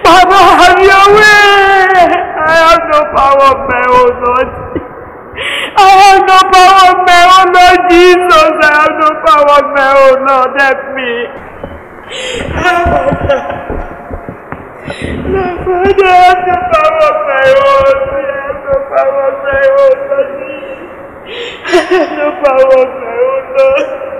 Speaker 5: Father, have your way. I have no power of my own, Lord. I have no power of my own, Lord Jesus. I have no power of my own, Lord. Help me. No, Father, I have no power of my own. I have no power of my own, Lord. I have no power of my own, Lord.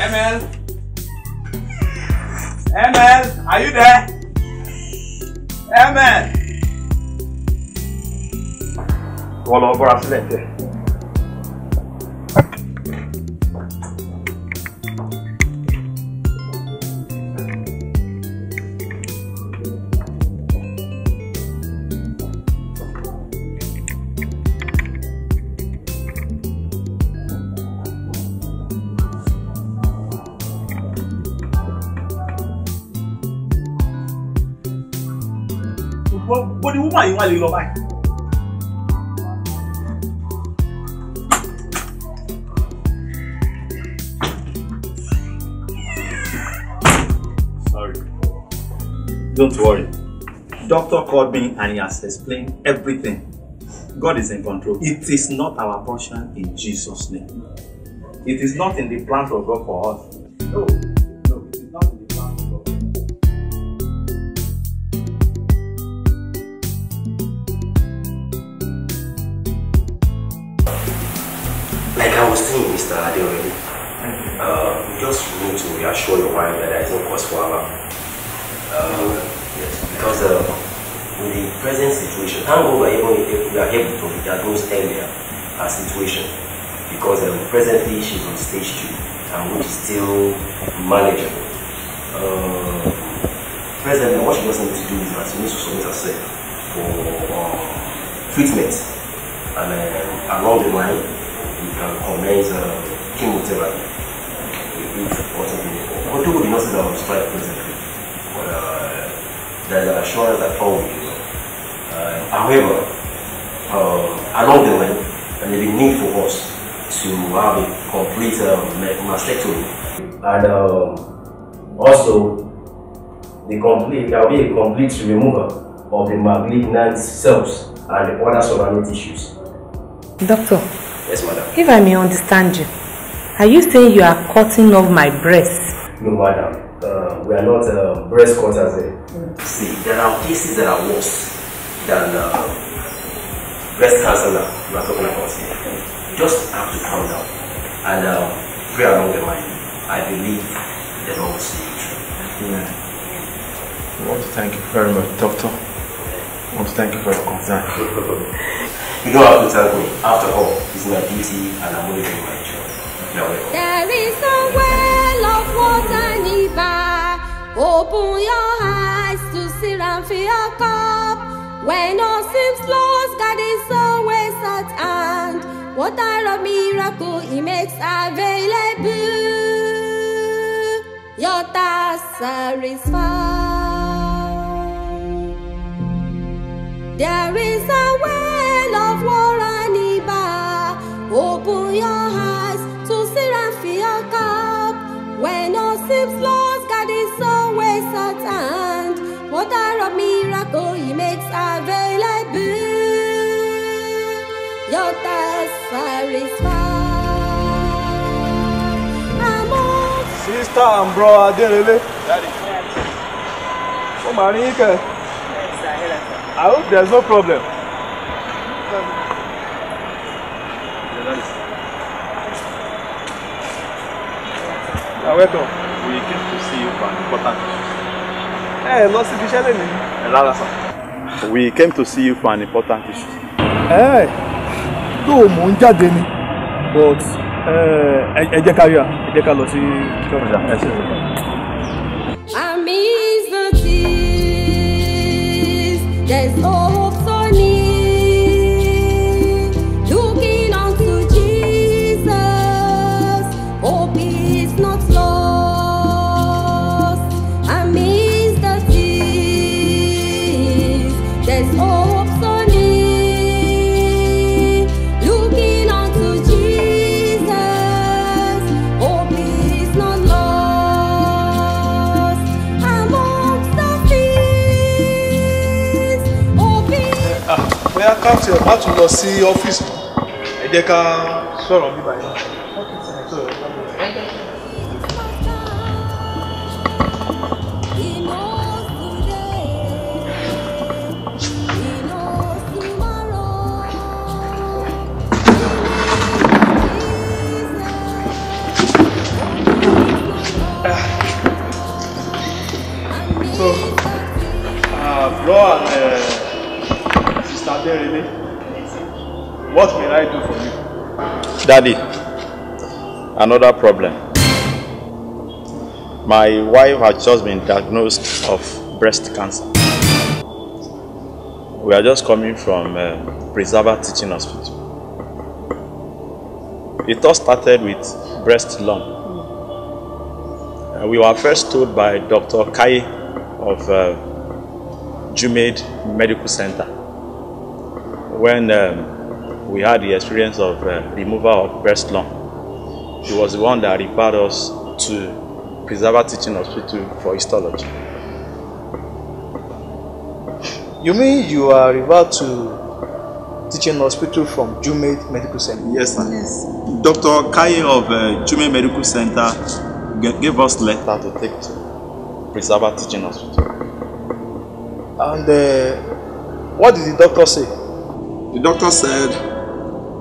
Speaker 2: ML? ML, are you there? ML?
Speaker 1: Wọ́n lọ bọ́ra yín wá lè lọ báyìí. Sorry. Don't worry. Doctor called me and he has explained everything. God is in control. It is not our portion in Jesus' name. It is not in the plan of God for us. No.
Speaker 4: маленьких complete will be a complete removal of the malignant cells and the other surrounding tissues. Doctor. Yes, madam.
Speaker 3: If I may understand you, are you saying you are cutting off my breast?
Speaker 4: No, madam. Uh, we are not uh, breast cutters here. Eh? Mm. See, there are cases that are worse than uh, breast cancer now we are talking about here. You just have to calm down and uh, pray along the way. I believe the Lord will see you.
Speaker 1: I want to thank you very much, Doctor. I want to thank you for your concern.
Speaker 4: *laughs* you don't have to tell me. After all, it's my duty and I'm only doing my job. No
Speaker 6: way. There is a well of water nearby. Open your eyes to see and feel your cup. When all seems lost, God is always at hand. Water of miracle, He makes available. Your task satisfied. There is a well of water nearby. Open your eyes to see and feel your cup. When all seems lost, God is always at hand. Water of miracle, He makes available. Your thirst satisfied.
Speaker 1: Sister and brother Aderele. Daddy. Ó máa rí kẹ̀. I hope there's no problem. You're welcome. We came to see you for an important Eh, lọ síbi iṣẹ́ lè We came to see you for an important issue. Ẹ tó mò ń jáde but eh, ẹ jẹ́ ká rí a ẹ jẹ́ ká lọ sí. Oh. káàtì ẹ̀ tún lọ sí ọ́fíìsì ẹ jẹ́ ká sọ̀rọ̀ bíbá yìí. So, uh, bro and uh, what may I do for you? Daddy, another problem. My wife has just been diagnosed of breast cancer. We are just coming from uh, Preserver Teaching Hospital. It all started with breast lump. Uh, we were first told by Dr. Kai of uh, Jumaid Medical Center when um, we had the experience of uh, removal of breast lump. He was the one that referred us to Preserver Teaching Hospital for histology. You mean you are referred to Teaching Hospital from Jume Medical Center? Yes, sir. Yes. Dr. Kaye of uh, Medical Center gave us letter to take to Preserver Teaching Hospital. And uh, what did the doctor say? The doctor said,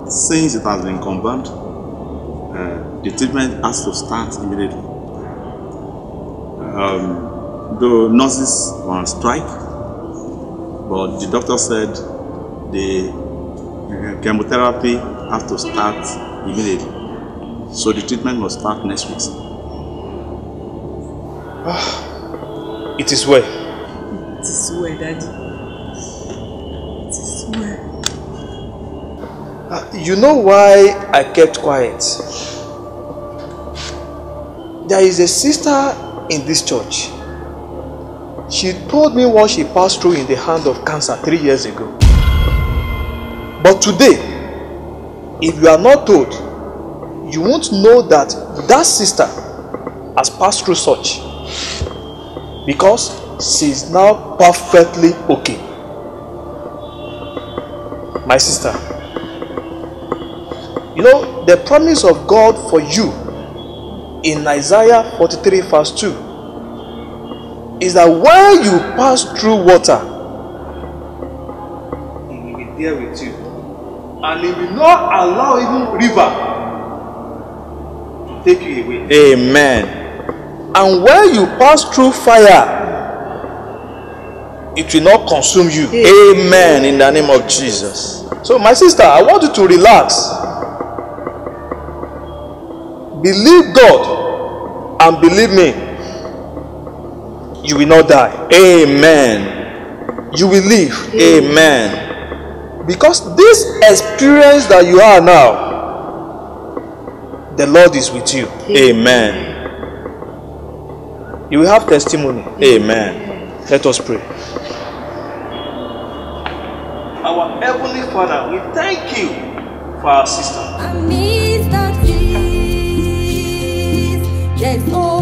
Speaker 1: since it has been confirmed, uh, the treatment has to start immediately. Um, the nurses were on strike, but the doctor said the uh, chemotherapy has to start immediately. So the treatment must start next week.
Speaker 5: Ah,
Speaker 1: it is well.
Speaker 3: It is well, Daddy.
Speaker 1: Uh, you know why I kept quiet? There is a sister in this church. She told me what she passed through in the hand of cancer three years ago. But today, if you are not told, you won't know that that sister has passed through such because she is now perfectly okay. My sister, you know, the promise of God for you in Isaiah 43, verse 2 is that when you pass through water,
Speaker 2: He will be there with
Speaker 1: you. And He will not allow even river to take you away. Amen. And when you pass through fire, it will not consume you. Amen. In the name of Jesus. So, my sister, I want you to relax Believe God and believe me, you will not die. Amen. You will live. Amen. Because this experience that you are now, the Lord is with you. Amen. You will have testimony. Amen. Let us pray. Our Heavenly Father, we thank you for our sister.
Speaker 6: Get oh.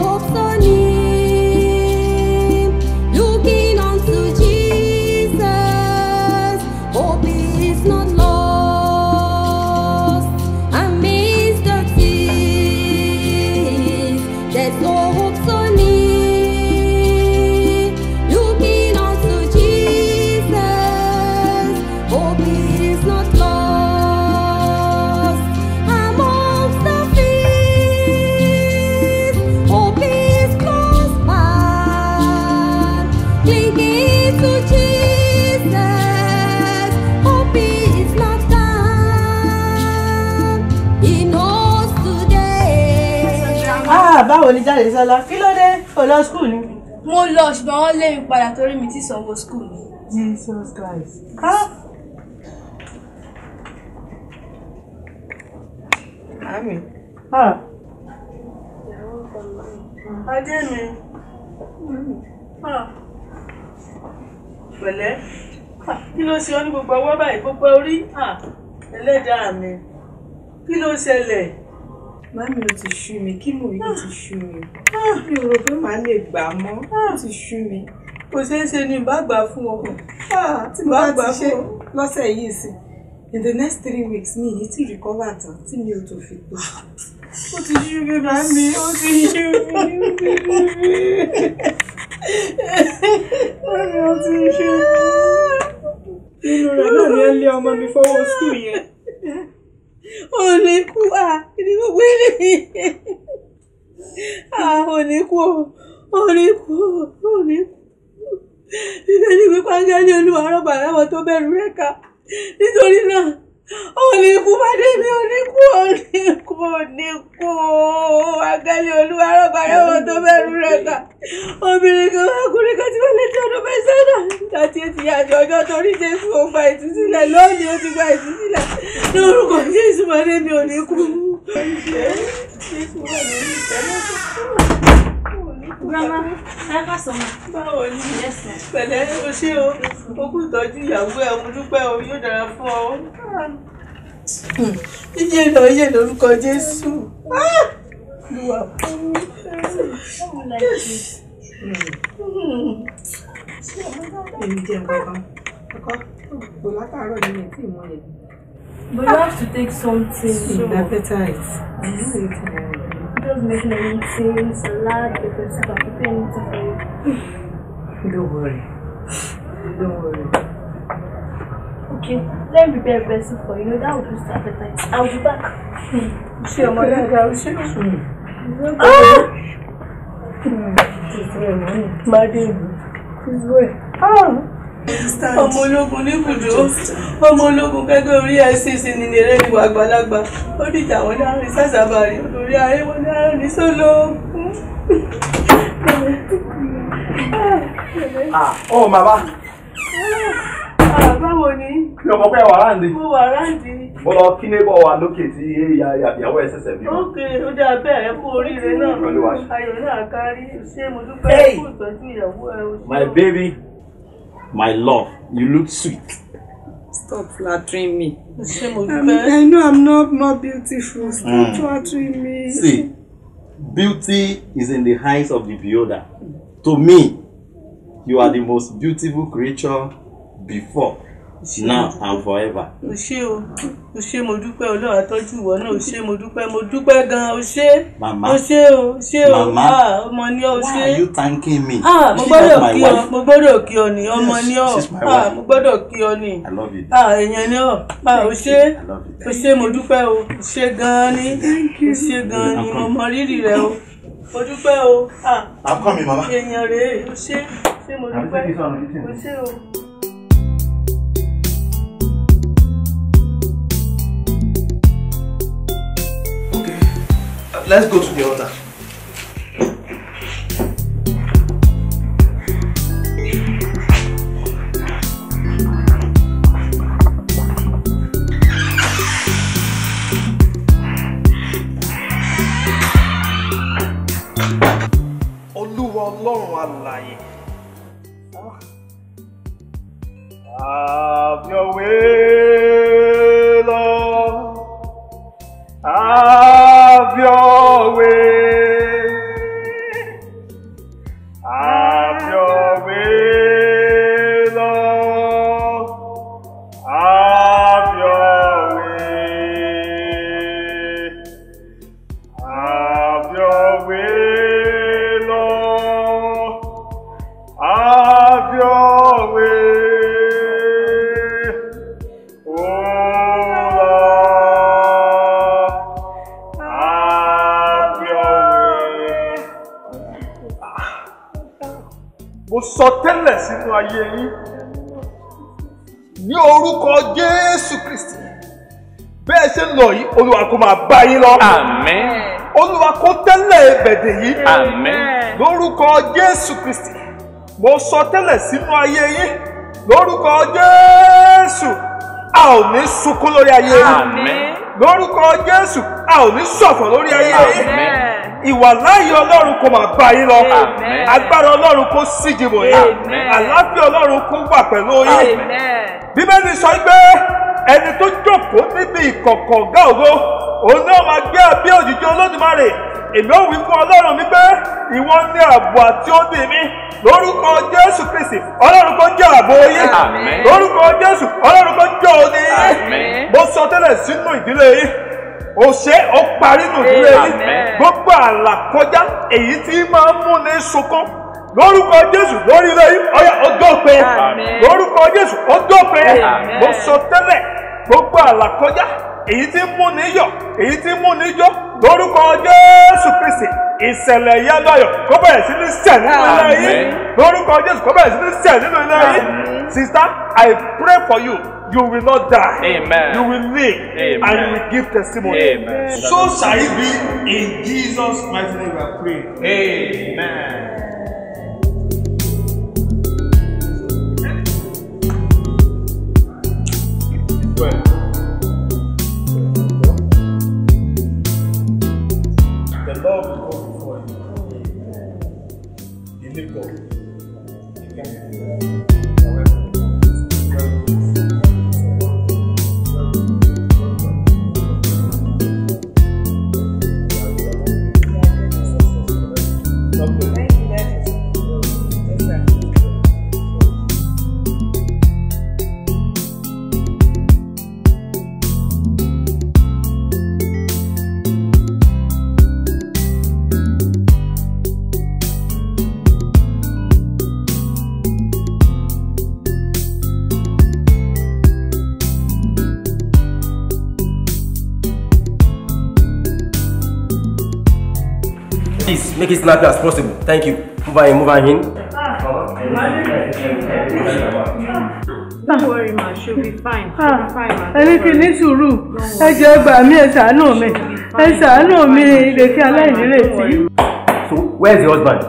Speaker 3: ò ní jáde sọlá kí ló dé o lọ skul ni. mo lọ ṣùgbọ́n wọ́n lé mi padà torí mi ti sanwó skul mi. Jesus Christ. àmì. adé mi. pẹ̀lẹ́ kí ló ṣe ọ ní gbogbo ọwọ́ báyìí gbogbo orí ẹlẹ́dàá mi kí ló ṣẹlẹ̀. Màmí ló ti ṣú mi, kí mò ń yí ti ṣú mi. Ah. Ah. Mi ò rò pé màá lè gbà mọ́, ah. ó ti ṣú mi. Kò ṣeé ṣe ni bá gbà fún ọ. Tí bá gbà fún lọ́sẹ̀ yìí sí. In the next three weeks mi ní tí recover tán tí mi ò tó fi pé.
Speaker 2: Ó ti ṣú mi màmí, ó ti ṣú mi, ó ti ṣú mi. Màmí ó ti ṣú mi. Inú rẹ̀ náà ni ẹ lé ọmọ mi
Speaker 3: fọwọ́ sùkúù yẹn ò lè kú à ní gbogbo eléyìí à ò ní kú ò ní kú ò ní kú bíbẹ́ ni wípé ángẹ́lì olúwa rọ́bà láwọn tó bẹ̀rù rẹ̀ ká nítorí náà ò ní kú pàdé mi ò ní kú ò ní kú ò ní kú ángẹ́lì olúwa rọ́bà láwọn tó bẹ̀rù rẹ̀ ká obìnrin kan wá kúrin kan tí wọ́n lè tí ọdún mẹ́sàn ti àjọ̀dún torí jésù ó gba ìtúsílẹ̀ lónìí ó ti gba ìtúsílẹ̀ ní jésù mọ́lé mi ò ní kú.
Speaker 6: Grandma, ẹ ká sọ ma. Báwo
Speaker 3: ni? Pẹ̀lẹ́ o ṣé o, o kú ìtọ́jú ìyàwó ẹ̀ mo dúpẹ́ o, yóò dára fún ọ. Iye lọ iye lórúkọ Jésù.
Speaker 2: Lúwa. Jésù.
Speaker 3: But you have to take something. So, appetite. It doesn't make any sense. A lot of pepper soup, I'm preparing anything for Don't worry. Don't worry. Okay, let me prepare a vessel for you. you know, that will boost appetite. I'll be back. Ṣé ọmọ náà ga ọṣẹ́ ọ̀ṣun? Má dé ìlú irú ẹ̀ ah! ọmọ ológun ní ibùdó ọmọ ológun kẹgbẹ́ orí icc ní nílẹ ìwà àgbàlagbà ó dìjà wọn náà rí sàṣàbà rí olórí ààrẹ wọn
Speaker 1: náà rí sọlọọgùn. ọ màmá mo lọ kí nébọ̀ wa lókè tí ìyàwó ẹ̀ ṣẹ̀ṣẹ̀ bí.
Speaker 3: ó dáa bẹ́ẹ̀ kú oríire náà ayọ̀ náà kárí ṣé mo dúpẹ́ kú ìtọ́jú ìyàwó ẹ.
Speaker 1: my baby my love you look sweet.
Speaker 3: stop flattering me. ṣé mo dúpẹ́. i know i'm not more beautiful hmm. stop flattering me. see
Speaker 1: beauty is in the eyes of the beholder to me you are the most beautiful creature before now and forever.
Speaker 2: o
Speaker 3: ṣé o o ṣé mo dúpẹ́ ọlọ́run àtọ́jú ìwọ náà o ṣé mo dúpẹ́ mo dúpẹ́ gan o ṣé o ṣé o ṣé o ah, ọmọ ni o ṣé. are you thanking me. ah mo gbọ́dọ̀ kí ọ mo gbọ́dọ̀ kí ọ ni ọmọ ni ọ ah mo gbọ́dọ̀ kí ọ ni ah èèyàn ni ọ ah o ṣé o ṣé mo dúpẹ́ o o ṣé gan ni o ṣé gan ni mo mọ rírì rẹ o mo dúpẹ́ o ah èèyàn rèé o ṣé o ṣé
Speaker 1: mo dúpẹ́ o ṣé o. let's go to the altar.
Speaker 5: Olúwa Ọlọ́run alààyè. Have your
Speaker 2: will,
Speaker 5: Lord. Have have your way. sọtẹ́lẹ̀ sínú ayé yín ní orúkọ Jésù
Speaker 1: Kristi bẹ́ẹ̀ ṣe ń lọ yìí Olúwa kó máa bá yín lọ. àmín. Olúwa kó tẹ́lẹ̀ bẹ̀dẹ̀ yìí. àmín. lórúkọ Jésù Kristi mo sọtẹ́lẹ̀ sínú ayé yín lórúkọ Jésù a ò ní sunkún lórí ayé yín. àmín. lórúkọ Jésù a ò ní ṣọ̀fọ̀ lórí ayé yín. àmín ìwàláyé ọlọ́run kò máa bá yín lọ agbára ọlọ́run kò síjìbò yín àlàáfíà ọlọ́run kò wà pẹ̀lú yín bíbélì sọ pé ẹni tó jókòó níbi ìkọ̀kọ̀ ọ̀gá ògo òun náà máa gbé abẹ́ òjìji olódùmarè èmi ò wí fún ọlọ́run mi pé ìwọ ní ààbò àti òdì mi lórúkọ jésù kristi ọlọ́run kò jẹ́ ààbò yín lórúkọ jésù ọlọ́run kò jẹ́ òdì yín mo sọ tẹ́lẹ̀ sínú ìdílé yín ó ṣe ó parí nùdúró yìí gbogbo
Speaker 5: àlàkọjá èyí tí máa ń múni sunkún lórúkọ jésù lórí ilé yìí ọyà ọjọ́ pé lórúkọ jésù ọjọ́ pé mo sọ tẹ́lẹ̀
Speaker 1: gbogbo àlàkọjá èyí tí múni yọ̀ èyí tí múni yọ̀ torúkọ jésù kristi ìṣẹ̀lẹ̀ yádọ́yọ̀ kó bẹ̀rẹ̀ sí ní sẹ̀ nínú ilé yìí torúkọ jésù kó bẹ̀rẹ̀ sí ní sẹ̀ nínú ilé yìí sister i pray for you you will not die Amen. you will live Amen. and you will give testimony Amen.
Speaker 5: so shall it
Speaker 1: be in jesus mighty name we pray Amen. Well.
Speaker 4: make it snappy as possible. Thank you. Move on in, move on in.
Speaker 5: Don't worry, ma. She'll be fine. She'll be fine, ma.
Speaker 3: Anything ní sùúrù. Ẹ jẹ́ gbà mí, ẹ ṣàánú mi. Ẹ ṣàánú mi, ìrètí
Speaker 4: aláìnírètí. So, where's the husband? I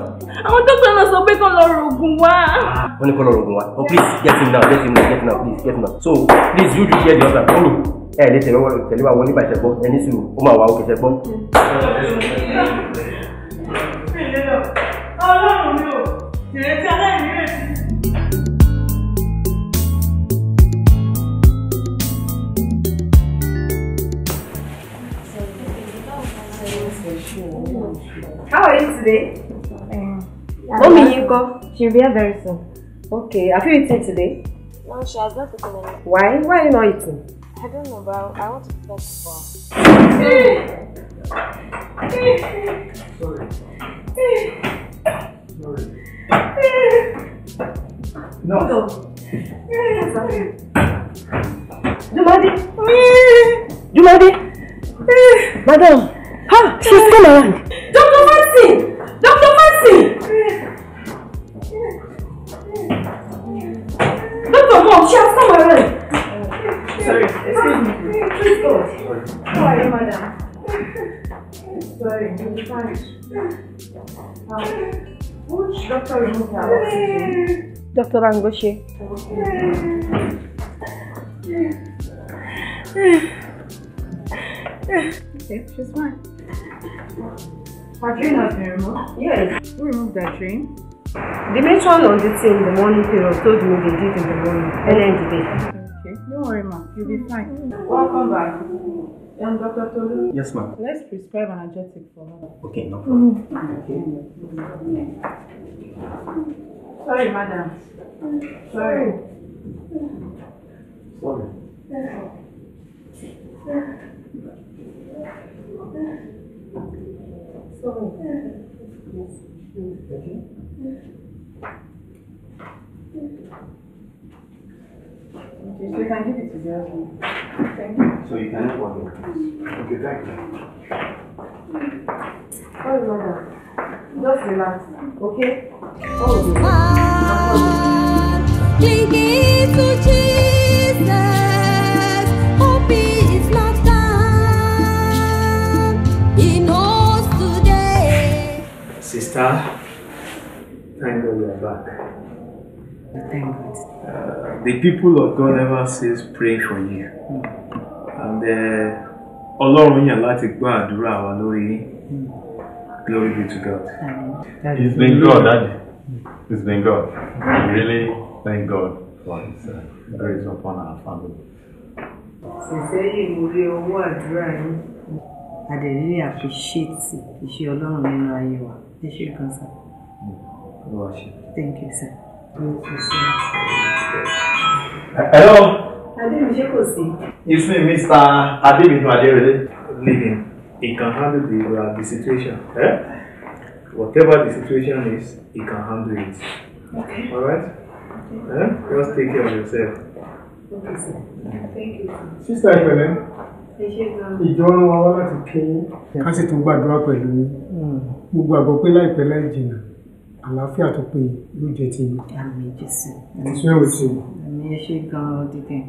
Speaker 6: want to sọ pé kó lọ rògùn wá. Ah,
Speaker 4: wọ́n ní kó lọ rògùn oh please get him now get him now get him now please get him now so please you do get the husband Eh, other follow. ẹ ẹ lè tẹ̀lé wa wọlé bàjẹ́ gbọ́ ẹ ní sùúrù ó máa wà get kẹsẹ̀ gbọ́. Mm.
Speaker 5: How
Speaker 3: are you today? Um, Mommy, you
Speaker 4: go. She'll be here very soon.
Speaker 3: Okay, have you eaten today?
Speaker 6: No, she has not eaten anything.
Speaker 3: Why? Why are you not eating?
Speaker 6: I don't know, but I want to talk for. Sorry. No.
Speaker 3: No. Jumadi.
Speaker 5: Jumadi. Madam. Ha! She's come around. Dr. Fancy! Dr. Fancy! Dr. Mom, she has come around. Sorry, excuse me. Please go. How are you, madam? Exploding in the
Speaker 6: Which doctor you look at? Dr. Angoshi. Okay, she's fine.
Speaker 3: Her drain has been removed? Yes. Who removed that train? The matron on the team the morning period told me they did in the morning, And then today. Okay, don't worry, ma. You'll be fine. Welcome back. And Dr. Tolu? Yes, ma'am. Let's prescribe energetic for her.
Speaker 6: Okay, no mm. problem. Okay. Sorry, madam. Sorry.
Speaker 2: Sorry.
Speaker 5: Sorry. Yes. Okay. Usually can give it to one. Thank you.
Speaker 6: So you can have one here. Okay, thank you. Oh, mother. Just relax, okay? Oh, Thank you, Jesus.
Speaker 1: Sister, thank God you are back.
Speaker 2: Thank God.
Speaker 1: Uh, the people of God ever cease praying for you. Mm. And uh, Ọlọ́run yàn láti gbọ́ àdúrà wa lórí yín. Glory be to God.
Speaker 5: Amen. It's been God,
Speaker 1: Daddy. It's been God. We really thank God for His uh, grace upon our family.
Speaker 3: Ṣèṣe yìí mo rí owó àdúrà yín. Adèrí appreciate iṣẹ́ Ọlọ́run nínú ayé wa. Ẹ ṣé gan sá. Thank you, sir.
Speaker 1: Hello. Adébí ṣé kò sí? It's me, Mr. Adébídùn Adérẹ̀lẹ̀. Living he can handle the, uh, the situation. Eh? Whatever the situation is, he can handle it. Okay. All right?
Speaker 2: Okay. Eh? Just take care of yourself. Okay, sir. Thank you. Sister Ìpẹ̀lẹ́. Ìjọ
Speaker 1: ọ̀run wa wá láti kí ká sì tún gbàdúrà pẹ̀lú yín. Hmm. Mo gbàgbọ́ pé láìpẹ́ láì jìnnà àlàáfíà tó péye ló jẹ ti yìí. àmín jésù.
Speaker 3: ẹ̀sùn ẹ̀wò ti wù. àmì ẹ ṣe gan-an dídẹ̀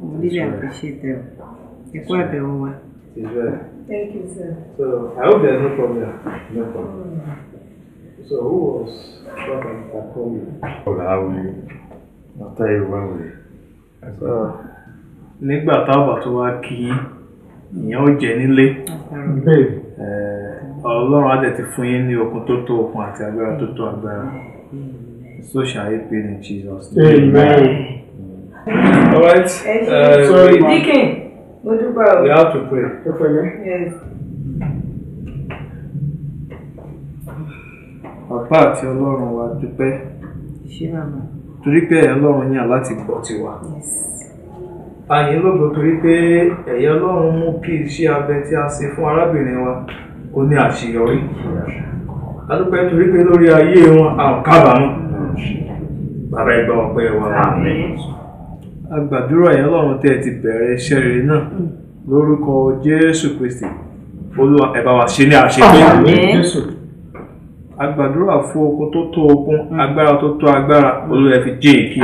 Speaker 3: òun lílé àpèṣe
Speaker 5: tẹ̀ ọ́ ẹ̀kọ́ àbẹ̀wò wa.
Speaker 3: thank you sir. so i hope there is no
Speaker 1: problem no problem so who was baba takomi. ọ̀la awuyi ọ̀tá ìwà wẹ̀ nígbà táwọn bàtọ́ wa kì í ìyẹn ó jẹ nílé. bẹ́ẹ̀. Eh, ọlọ́run á dẹ̀ ti fún yín ní okun tó tó okun àti agbára tó tó agbára so shall
Speaker 5: it be in Jesus amen. all right. Uh, so dikin mo dúpẹ́ o. we have to pray. Yes. bàbá àti ọlọ́run wa dúpẹ́
Speaker 1: torí pé ẹ̀yà ọlọ́run yàn láti gbọ́ tiwa àyìn lógo torí pé ẹ̀yà ọlọ́run mú kí iṣẹ́ abẹ tí a ṣe fún arábìnrin wa. Yes kó ní àṣeyọrí adúpẹ́ torí pé lórí ayé wọn a ò kábàámọ̀ bàbá ìgbà ọpẹ́ wa a gbàdúrà yẹn lọ́run tẹ́ ẹ ti bẹ̀rẹ̀ iṣẹ́ rere náà mm. lórúkọ Jésù Kristi Olúwa ẹ bá wa ṣe ní àṣepé Jésù a gbàdúrà fún okun tó tó okun mm. agbára tó tó agbára Olúwa fi jẹ́ èkì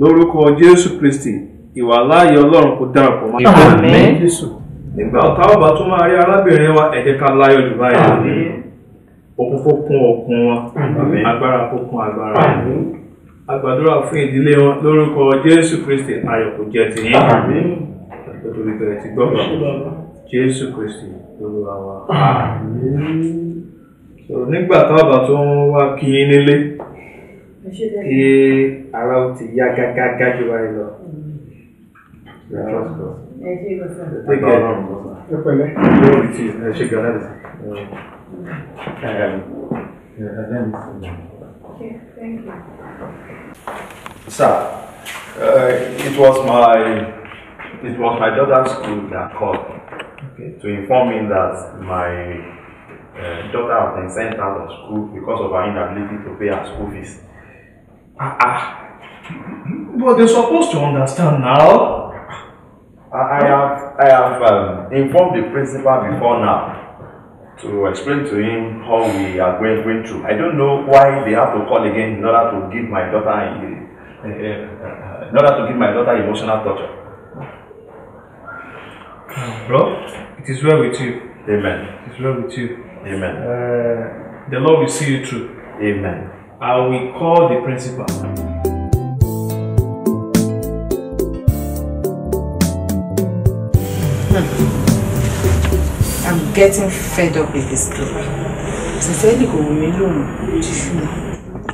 Speaker 1: lórúkọ Jésù Kristi ìwà láàyè Ọlọ́run kò dára pọ̀ mọ́ nígbà táwọn bá tún máa rí arábìnrin wa ẹ jẹ́ ká láyọ̀ jù báyìí okun fókun okun wọn agbára fókun agbára agbàdúrà fún ìdílé wọn lórúkọ jésù kristi ayọ̀ kò jẹ́ tiyín nítorí bẹ̀rẹ̀ ti gbọ́ jésù kristi olúwa wa nígbà táwọn bá tún wá kí yín nílé kí ara ó ti yá gágágá jù báyìí lọ.
Speaker 4: Perché?
Speaker 2: E So, uh, it was my
Speaker 1: it was my daughter's school that called okay. to inform me that my uh, daughter has been sent out of school because of her inability to pay her school fees. Ah, ah. But they're supposed to understand now. I have, I have um, informed the principal before now to explain to him how we are going, going through. I don't know why they have to call again in order to give my daughter uh, uh, in order to give my daughter emotional torture. Bro, it is well with you. Amen. It is well with you. Amen. Uh, the Lord will see you through. Amen. I will call the principal.
Speaker 3: Hmm. I'm getting fed up with this girl. Sincerely, go with me alone.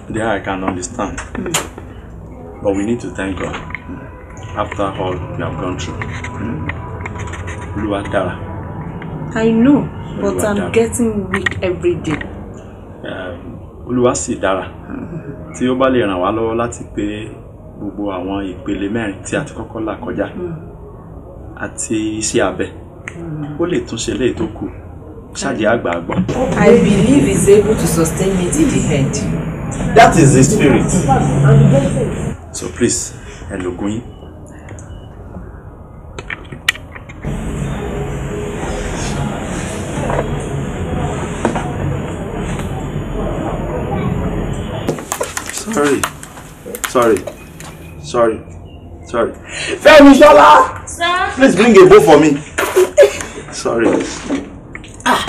Speaker 1: There I can understand. Mm. But we need to thank God. Hmm. After all we have gone through. Hmm. Luatara.
Speaker 3: Mm. I know, but I'm getting weak every day.
Speaker 1: Um, Olúwa sì dára tí ó bá lè ràn wá lọ́wọ́ láti pé gbogbo àwọn ìpele mẹ́rin ti kọ́kọ́ là kọjá àti iṣẹ́ abẹ ó lè túnṣe léyìí tó kù ṣáàjì àgbà I
Speaker 3: believe he's able to sustain me till the end. That is the spirit.
Speaker 1: So please ẹ lògùn yín. Sorry, sorry, sorry, sorry. Fẹ́mi Ṣọlá. Sir? Please bring a bowl for me. Sorry. Ah.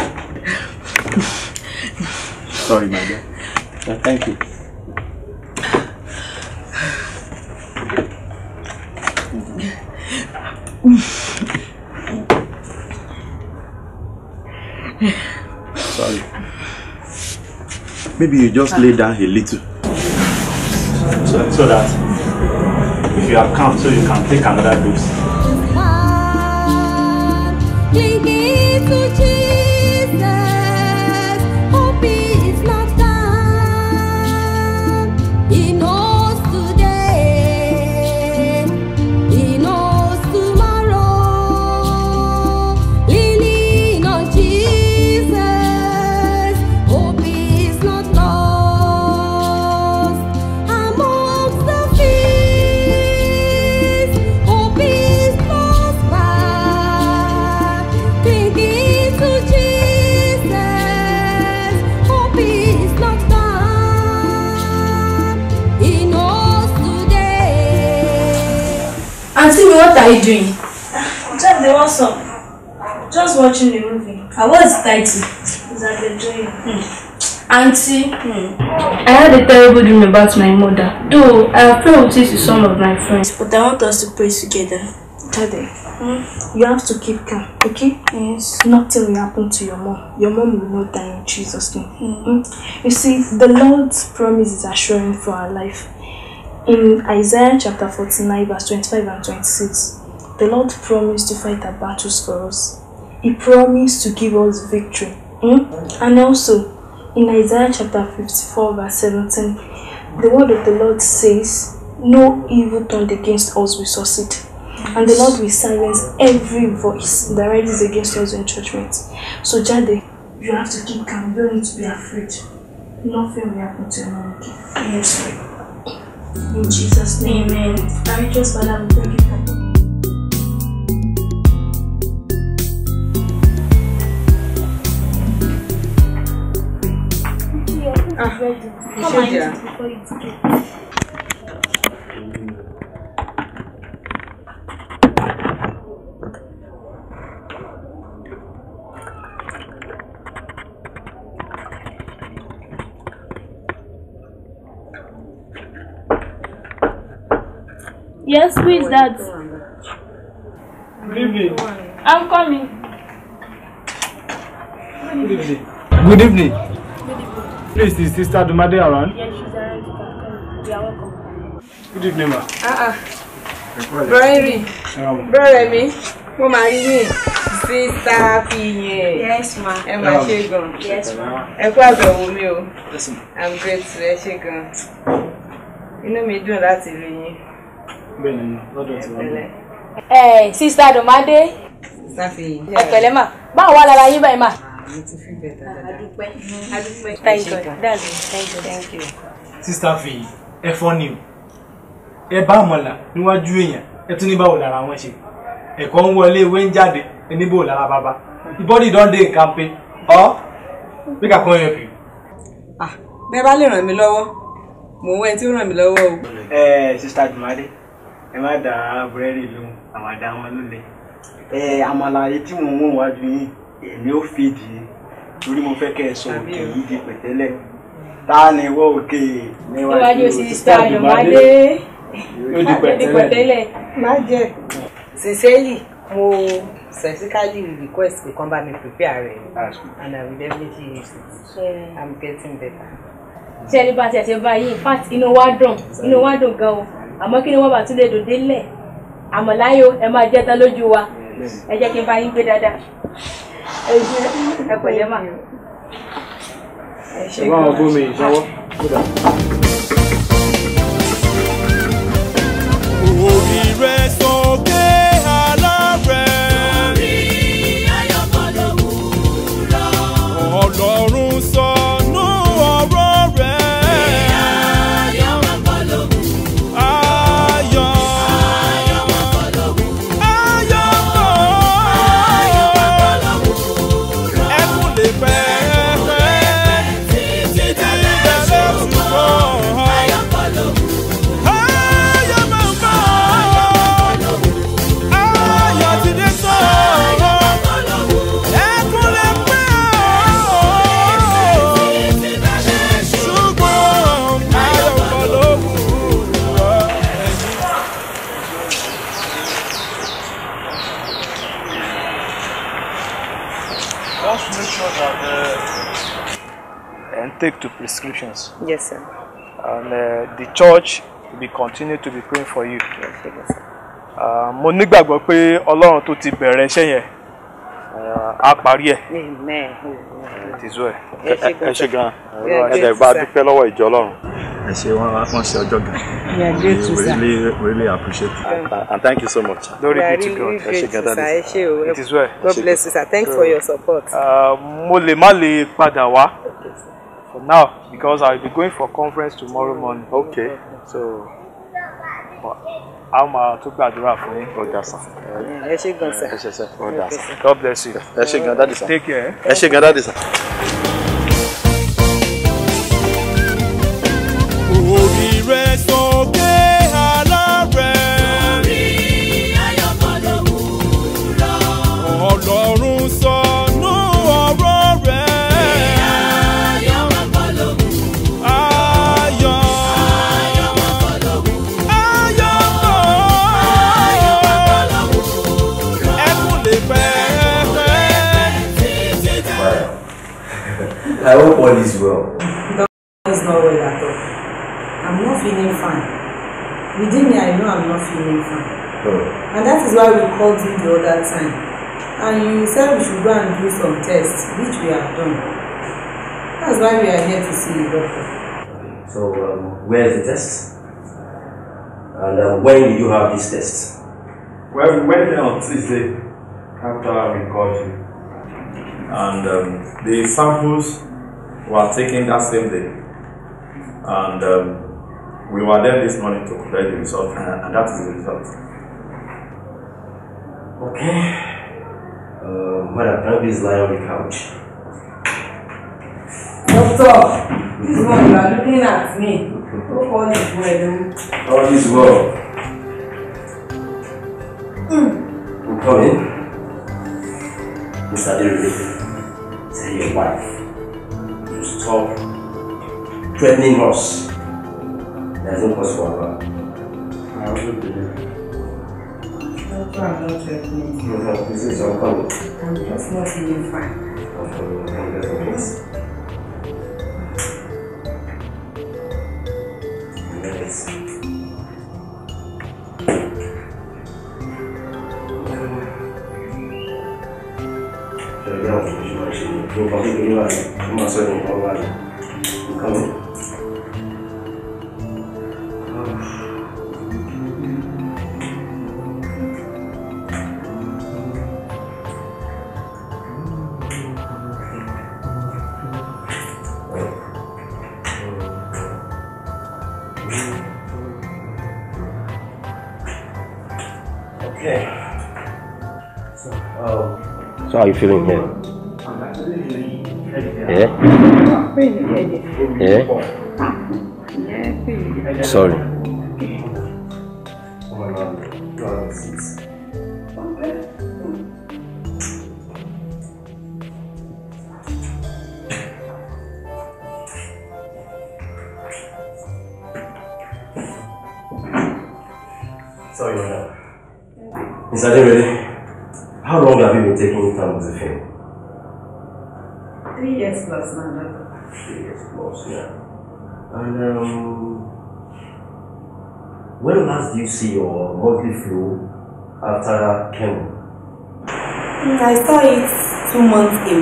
Speaker 1: Sorry, my dear. thank you. Sorry. Maybe you just lay down a little. So, so that if you are calm, so you can take another dose.
Speaker 3: are you doing? Just the WhatsApp. Just watching the movie. I ah, was the Is that the dream? Hmm. Auntie, hmm. I had a terrible dream about my mother. Though I have prayed with it to some of my friends. But I want us to pray together. Tade, hmm? you have to keep calm, okay? Yes. Nothing will happen to your mom. Your mom will not die in Jesus' name. Hmm. hmm? You see, the Lord's promise is assuring for our life. In Isaiah chapter 49, verse 25 and 26, the Lord promised to fight our battles for us. He promised to give us victory. Hmm? And also, in Isaiah chapter 54, verse 17, the word of the Lord says, No evil turned against us will succeed. And the Lord will silence every voice that rises against us in judgment. So, Jade, you have to keep calm. You don't need to be afraid. Nothing will happen to you. Yes, in Jesus' name, amen. you just Father, we thank you Ah, come on, before you Yes, who is that? Good evening. I'm coming. Good evening.
Speaker 1: Good evening. Good
Speaker 5: evening.
Speaker 1: Please, is Sister Dumade around?
Speaker 5: Yes, she's around. You are welcome. Good evening, ma. Ah, ah.
Speaker 1: Brother, um, brother
Speaker 3: mi, mo máa rí Sister Fiyin. Yes, ma. Ẹ máa um, ṣe Yes, ma. Ẹ kú àbẹ̀wò mi Yes, ma. I'm great. ẹ ṣe gan. Inú mi dùn láti rí bẹ́ẹ̀ ni lọ́dọ̀ tí wọ́n lọ. ẹ sista domade ẹ pẹ̀lẹ́ mà báwo wà lára yín báyìí mà. Ah,
Speaker 6: thank you thank you thank you.
Speaker 1: sista Fèyí ẹ fọ́ ni o ẹ bá àmọ̀là níwájú èèyàn ẹ tún ní báwo lára wọn ṣe ẹ̀kọ́ ń wọlé ìwé ń jáde ẹ ní báwo lára bàbá ìbọ́dì don dey kampe ọ́ bí kàkọ́ yẹn pè. bẹ́ẹ̀ bá lè ràn mí lọ́wọ́ mò ń wẹ́ tí ó
Speaker 4: ràn mí lọ́wọ́ o. ẹ sista Jùmádé ẹ má dà búrẹ́dì lóhùn àmàdà wọn ló lẹ. ẹ àmàlàyé tí mo ń wọ̀n wájú yín èmi ò fìdí torí
Speaker 1: mo fẹ́ kẹ́ ẹ sọ òkè yìí di pẹ̀tẹ́lẹ̀ ta ni wọ́ òkè níwájú sísá àjùmọ̀dé
Speaker 3: yóò di pẹ̀tẹ́lẹ̀. má jẹ sincerely mo specifically request pé kán bá mi prepare rẹ and i will definitely use it i'm getting better. ṣé ẹni bá tiẹ̀ ṣe báyìí in fact inú wa dùn inú wa dùn gan-an àmọ́ kí ni wọ́n bá tún lè dòde lẹ̀ àmọ́ láyò ẹ máa jẹ́ tán lójú wa ẹ jẹ́ kí n bá yín gbé dáadáa ẹ jẹ́ ẹ pẹ̀lẹ́ mà.
Speaker 1: ẹ bá wọn gómìn ìṣọwọ́ kódà.
Speaker 2: orí sọ.
Speaker 1: take to prescriptions. Yes, sir. And uh, the church will be continue to be praying for you. Yes, yes, sir. Uh, mo nígbàgbọ́ pé Ọlọ́run tó ti bẹ̀rẹ̀ iṣẹ́ yẹn uh, á parí ẹ̀. ti zú ẹ̀. ẹ ṣe gan-an ẹ̀dẹ̀ bá dúpẹ́ lọ́wọ́ ìjọ Ọlọ́run.
Speaker 2: ẹ ṣe wọn wọn
Speaker 1: ṣe ọjọ́ gan-an we really really appreciate it. And, and thank you so much. lórí bí ti gan ẹ ṣe gan-an ẹ
Speaker 3: ṣe o God bless you sir thanks for your support.
Speaker 1: Uh, mo lè má lè padà wá for now because I'll be going for conference tomorrow morning. Okay. So a máa tún gbàdúrà fún yín. ọ̀dà sàn. Eh, ẹ ṣé gan sàn. God bless you. take care. ẹ ṣé gan dáàdì sàn.
Speaker 2: orí rẹ̀
Speaker 4: I hope all is well. No,
Speaker 3: it's not well at all. I'm not feeling fine. Within me, I know I'm not feeling fine. Oh. And that is why we called you the other time. And you said we should go and do some tests, which we have done. That's why we are here to see the doctor.
Speaker 4: So, um, where is the test? And um, when did you have this test? Well, we went on Tuesday after we called you. And um, the
Speaker 1: samples were taken that same day. And um, we
Speaker 4: were there this morning to collect the result, and, that is the result. Okay. Uh, madam, can I please lie on the couch? Doctor, this
Speaker 5: one you are looking at me. Look all this world. All this world.
Speaker 4: Mm. Come in. Mr. Derry, say your wife to stop threatening us. There's no cause for alarm. I believe.
Speaker 5: I'm not threatening you. No, mm-hmm. this is uncoming.
Speaker 2: I'm just not feeling fine.
Speaker 3: Okay, yes. Yes.
Speaker 4: Yo creo que yo I'm not right. I'm coming. Okay. So, um, so how are you feeling here?
Speaker 5: Eh? Yeah. Eh? Yeah. Sorry. is close, She is close, yeah.
Speaker 4: And um, when last do you see your monthly flu after chemo?
Speaker 3: Mm, I saw it two months ago,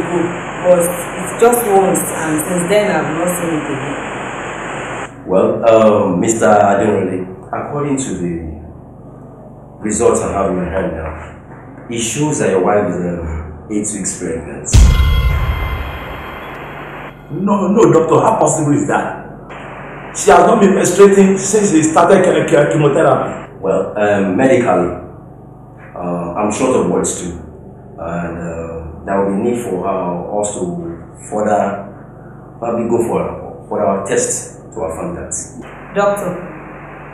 Speaker 3: but it's just once, and since then I've not seen it again.
Speaker 4: Well, um, Mr. Adenrele, according to the results I have in my hand now, it shows that your wife is um, eight weeks pregnant. No, no, doctor, how possible is that? She has not been menstruating since she started chemotherapy. Well, um, medically, uh, I'm short of words too. And uh, there will be need for uh, us to further, probably go for, for our test to affirm that.
Speaker 3: Doctor,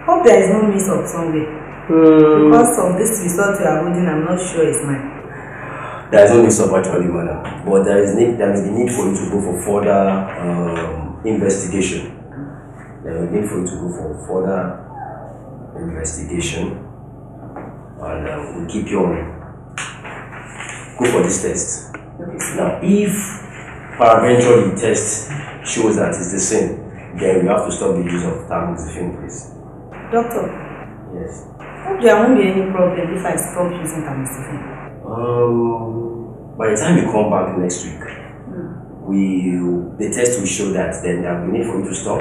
Speaker 3: hope there is no mix-up somewhere. Mm. Because of this result you are holding, I'm not
Speaker 4: sure it's mine. there is no need so much on the matter, but there is need there is the need for you to go for further um, investigation. There is need for you to go for further investigation, and um, we'll keep you on. Go for this test. Okay. Now, if paraventure the test shows that it's the same, then we have to stop the use of tamoxifen, please. Doctor. Yes.
Speaker 3: Hope there won't be any problem if I stop using tamoxifen.
Speaker 4: Um, by the time you come back next week, hmm. we the test will show that then there will be need for you to stop.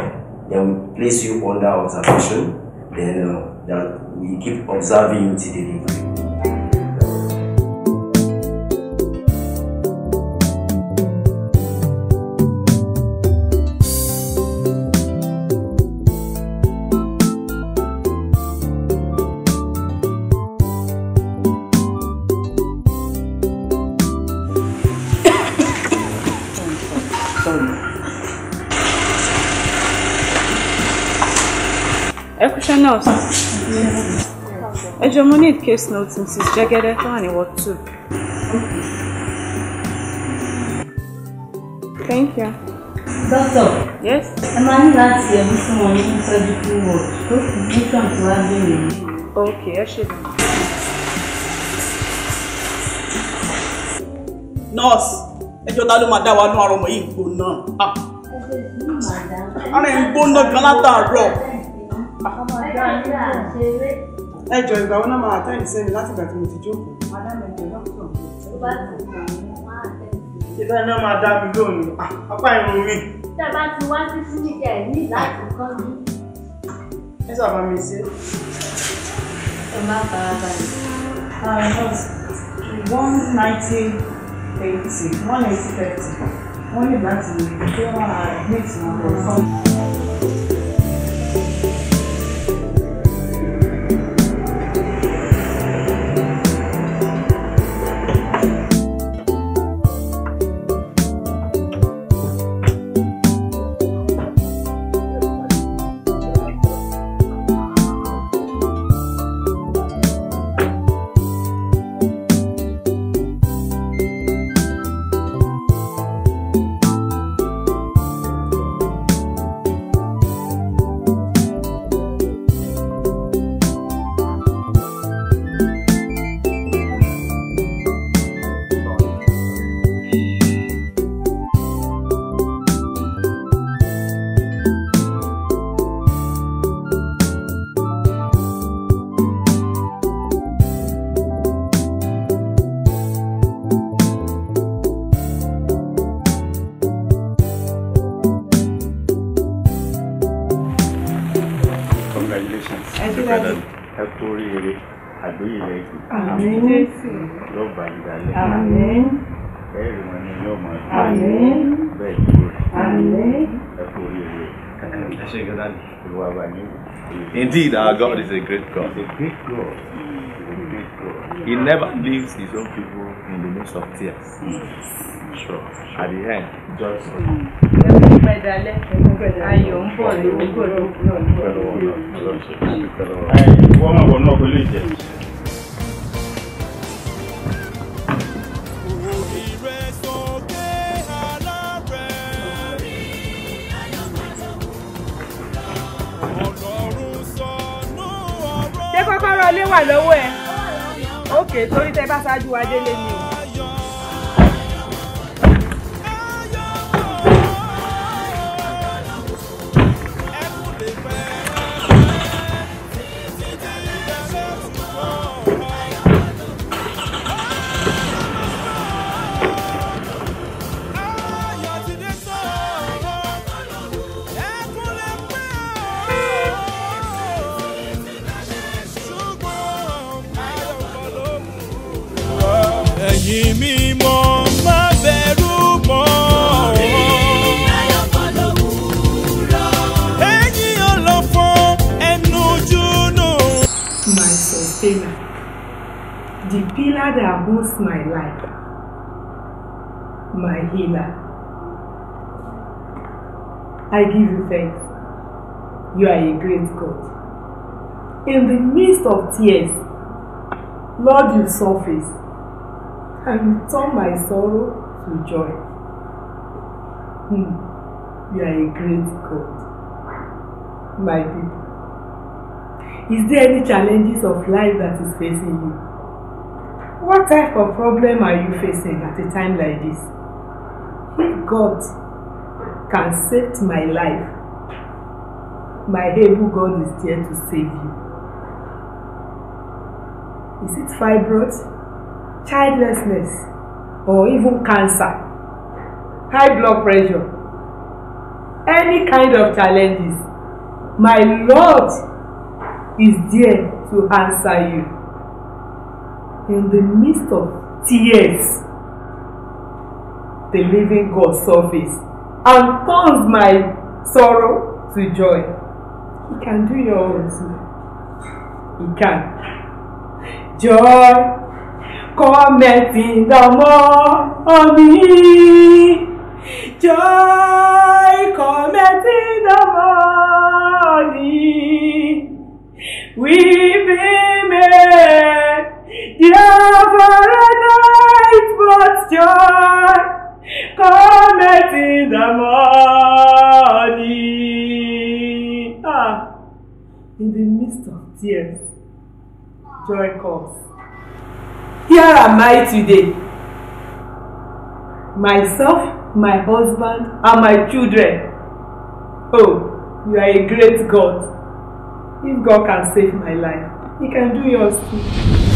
Speaker 4: Then we place you under observation. Then uh, that we keep observing you till delivery.
Speaker 3: nurse ẹ jọ̀ọ́ mo need case notes mrs jẹ́gẹ́dẹ́ tó wà ní ward thank you. doctor. yes. I'm máa ní láti ẹbí sí wọn surgical ward tó fi nutrient to wá bèrè. ok ẹ ṣe bẹ́ẹ̀.
Speaker 1: nurse ẹjọ́ ta ló máa dá wa nú àrọ̀mọ̀ yìí gbóná. Ah!
Speaker 2: ara ẹ̀ ń gbóná gan látàárọ̀
Speaker 3: ẹ jọ ìgbà wo náà máa àtẹ́yìn sẹ́mi láti ìgbà tí mo ti jókòó. ìgbà náà máa dá mi lónìí ah, apá irun mi. tẹ́ bá ti wá sí sílíkì ẹ̀ ní láti kọ́ mi. ẹ sábà mi ṣe. ẹ má bàa bàa. one ninety eighty one eighty thirty wọ́n lè láti
Speaker 6: gbé wọn àdmit wọn lọ sọ́nà.
Speaker 4: àmín yóò bá ń Indeed, our God is a great God. He's a great God.
Speaker 5: He never
Speaker 1: leaves his own people in the midst of tears. Sure. At the end, just. for mm. you. bọ̀ lórúkọ lórúkọ
Speaker 2: lórúkọ. Wọ́n máa bọ̀ náà pẹ̀lú ìjẹ́.
Speaker 3: wà lọ́wọ́ ẹ. ókè torí tẹ bá ṣáájú wa délé ni o. my life, my healer. I give you thanks. You are a great God. In the midst of tears, Lord, you surface and you turn my sorrow to joy. Hmm. You are a great God, my people. Is there any challenges of life that is facing you? What type of problem are you facing at a time like this? If God can save my life, my able God is there to save you. Is it fibroids, childlessness, or even cancer, high blood pressure, any kind of challenges? My Lord is there to answer you. In the midst of tears, the living God surfaced and turns my sorrow to joy. He can do your own
Speaker 5: too. He can. Joy cometh in the morning. Joy cometh in the morning. Weeping may Yeah, for a night but joy cometh in the morning. Ah, in the midst of tears, joy comes. Here
Speaker 3: am I today. Myself, my husband, and my children. Oh, you are a great God. If God can save my life, He can do yours too.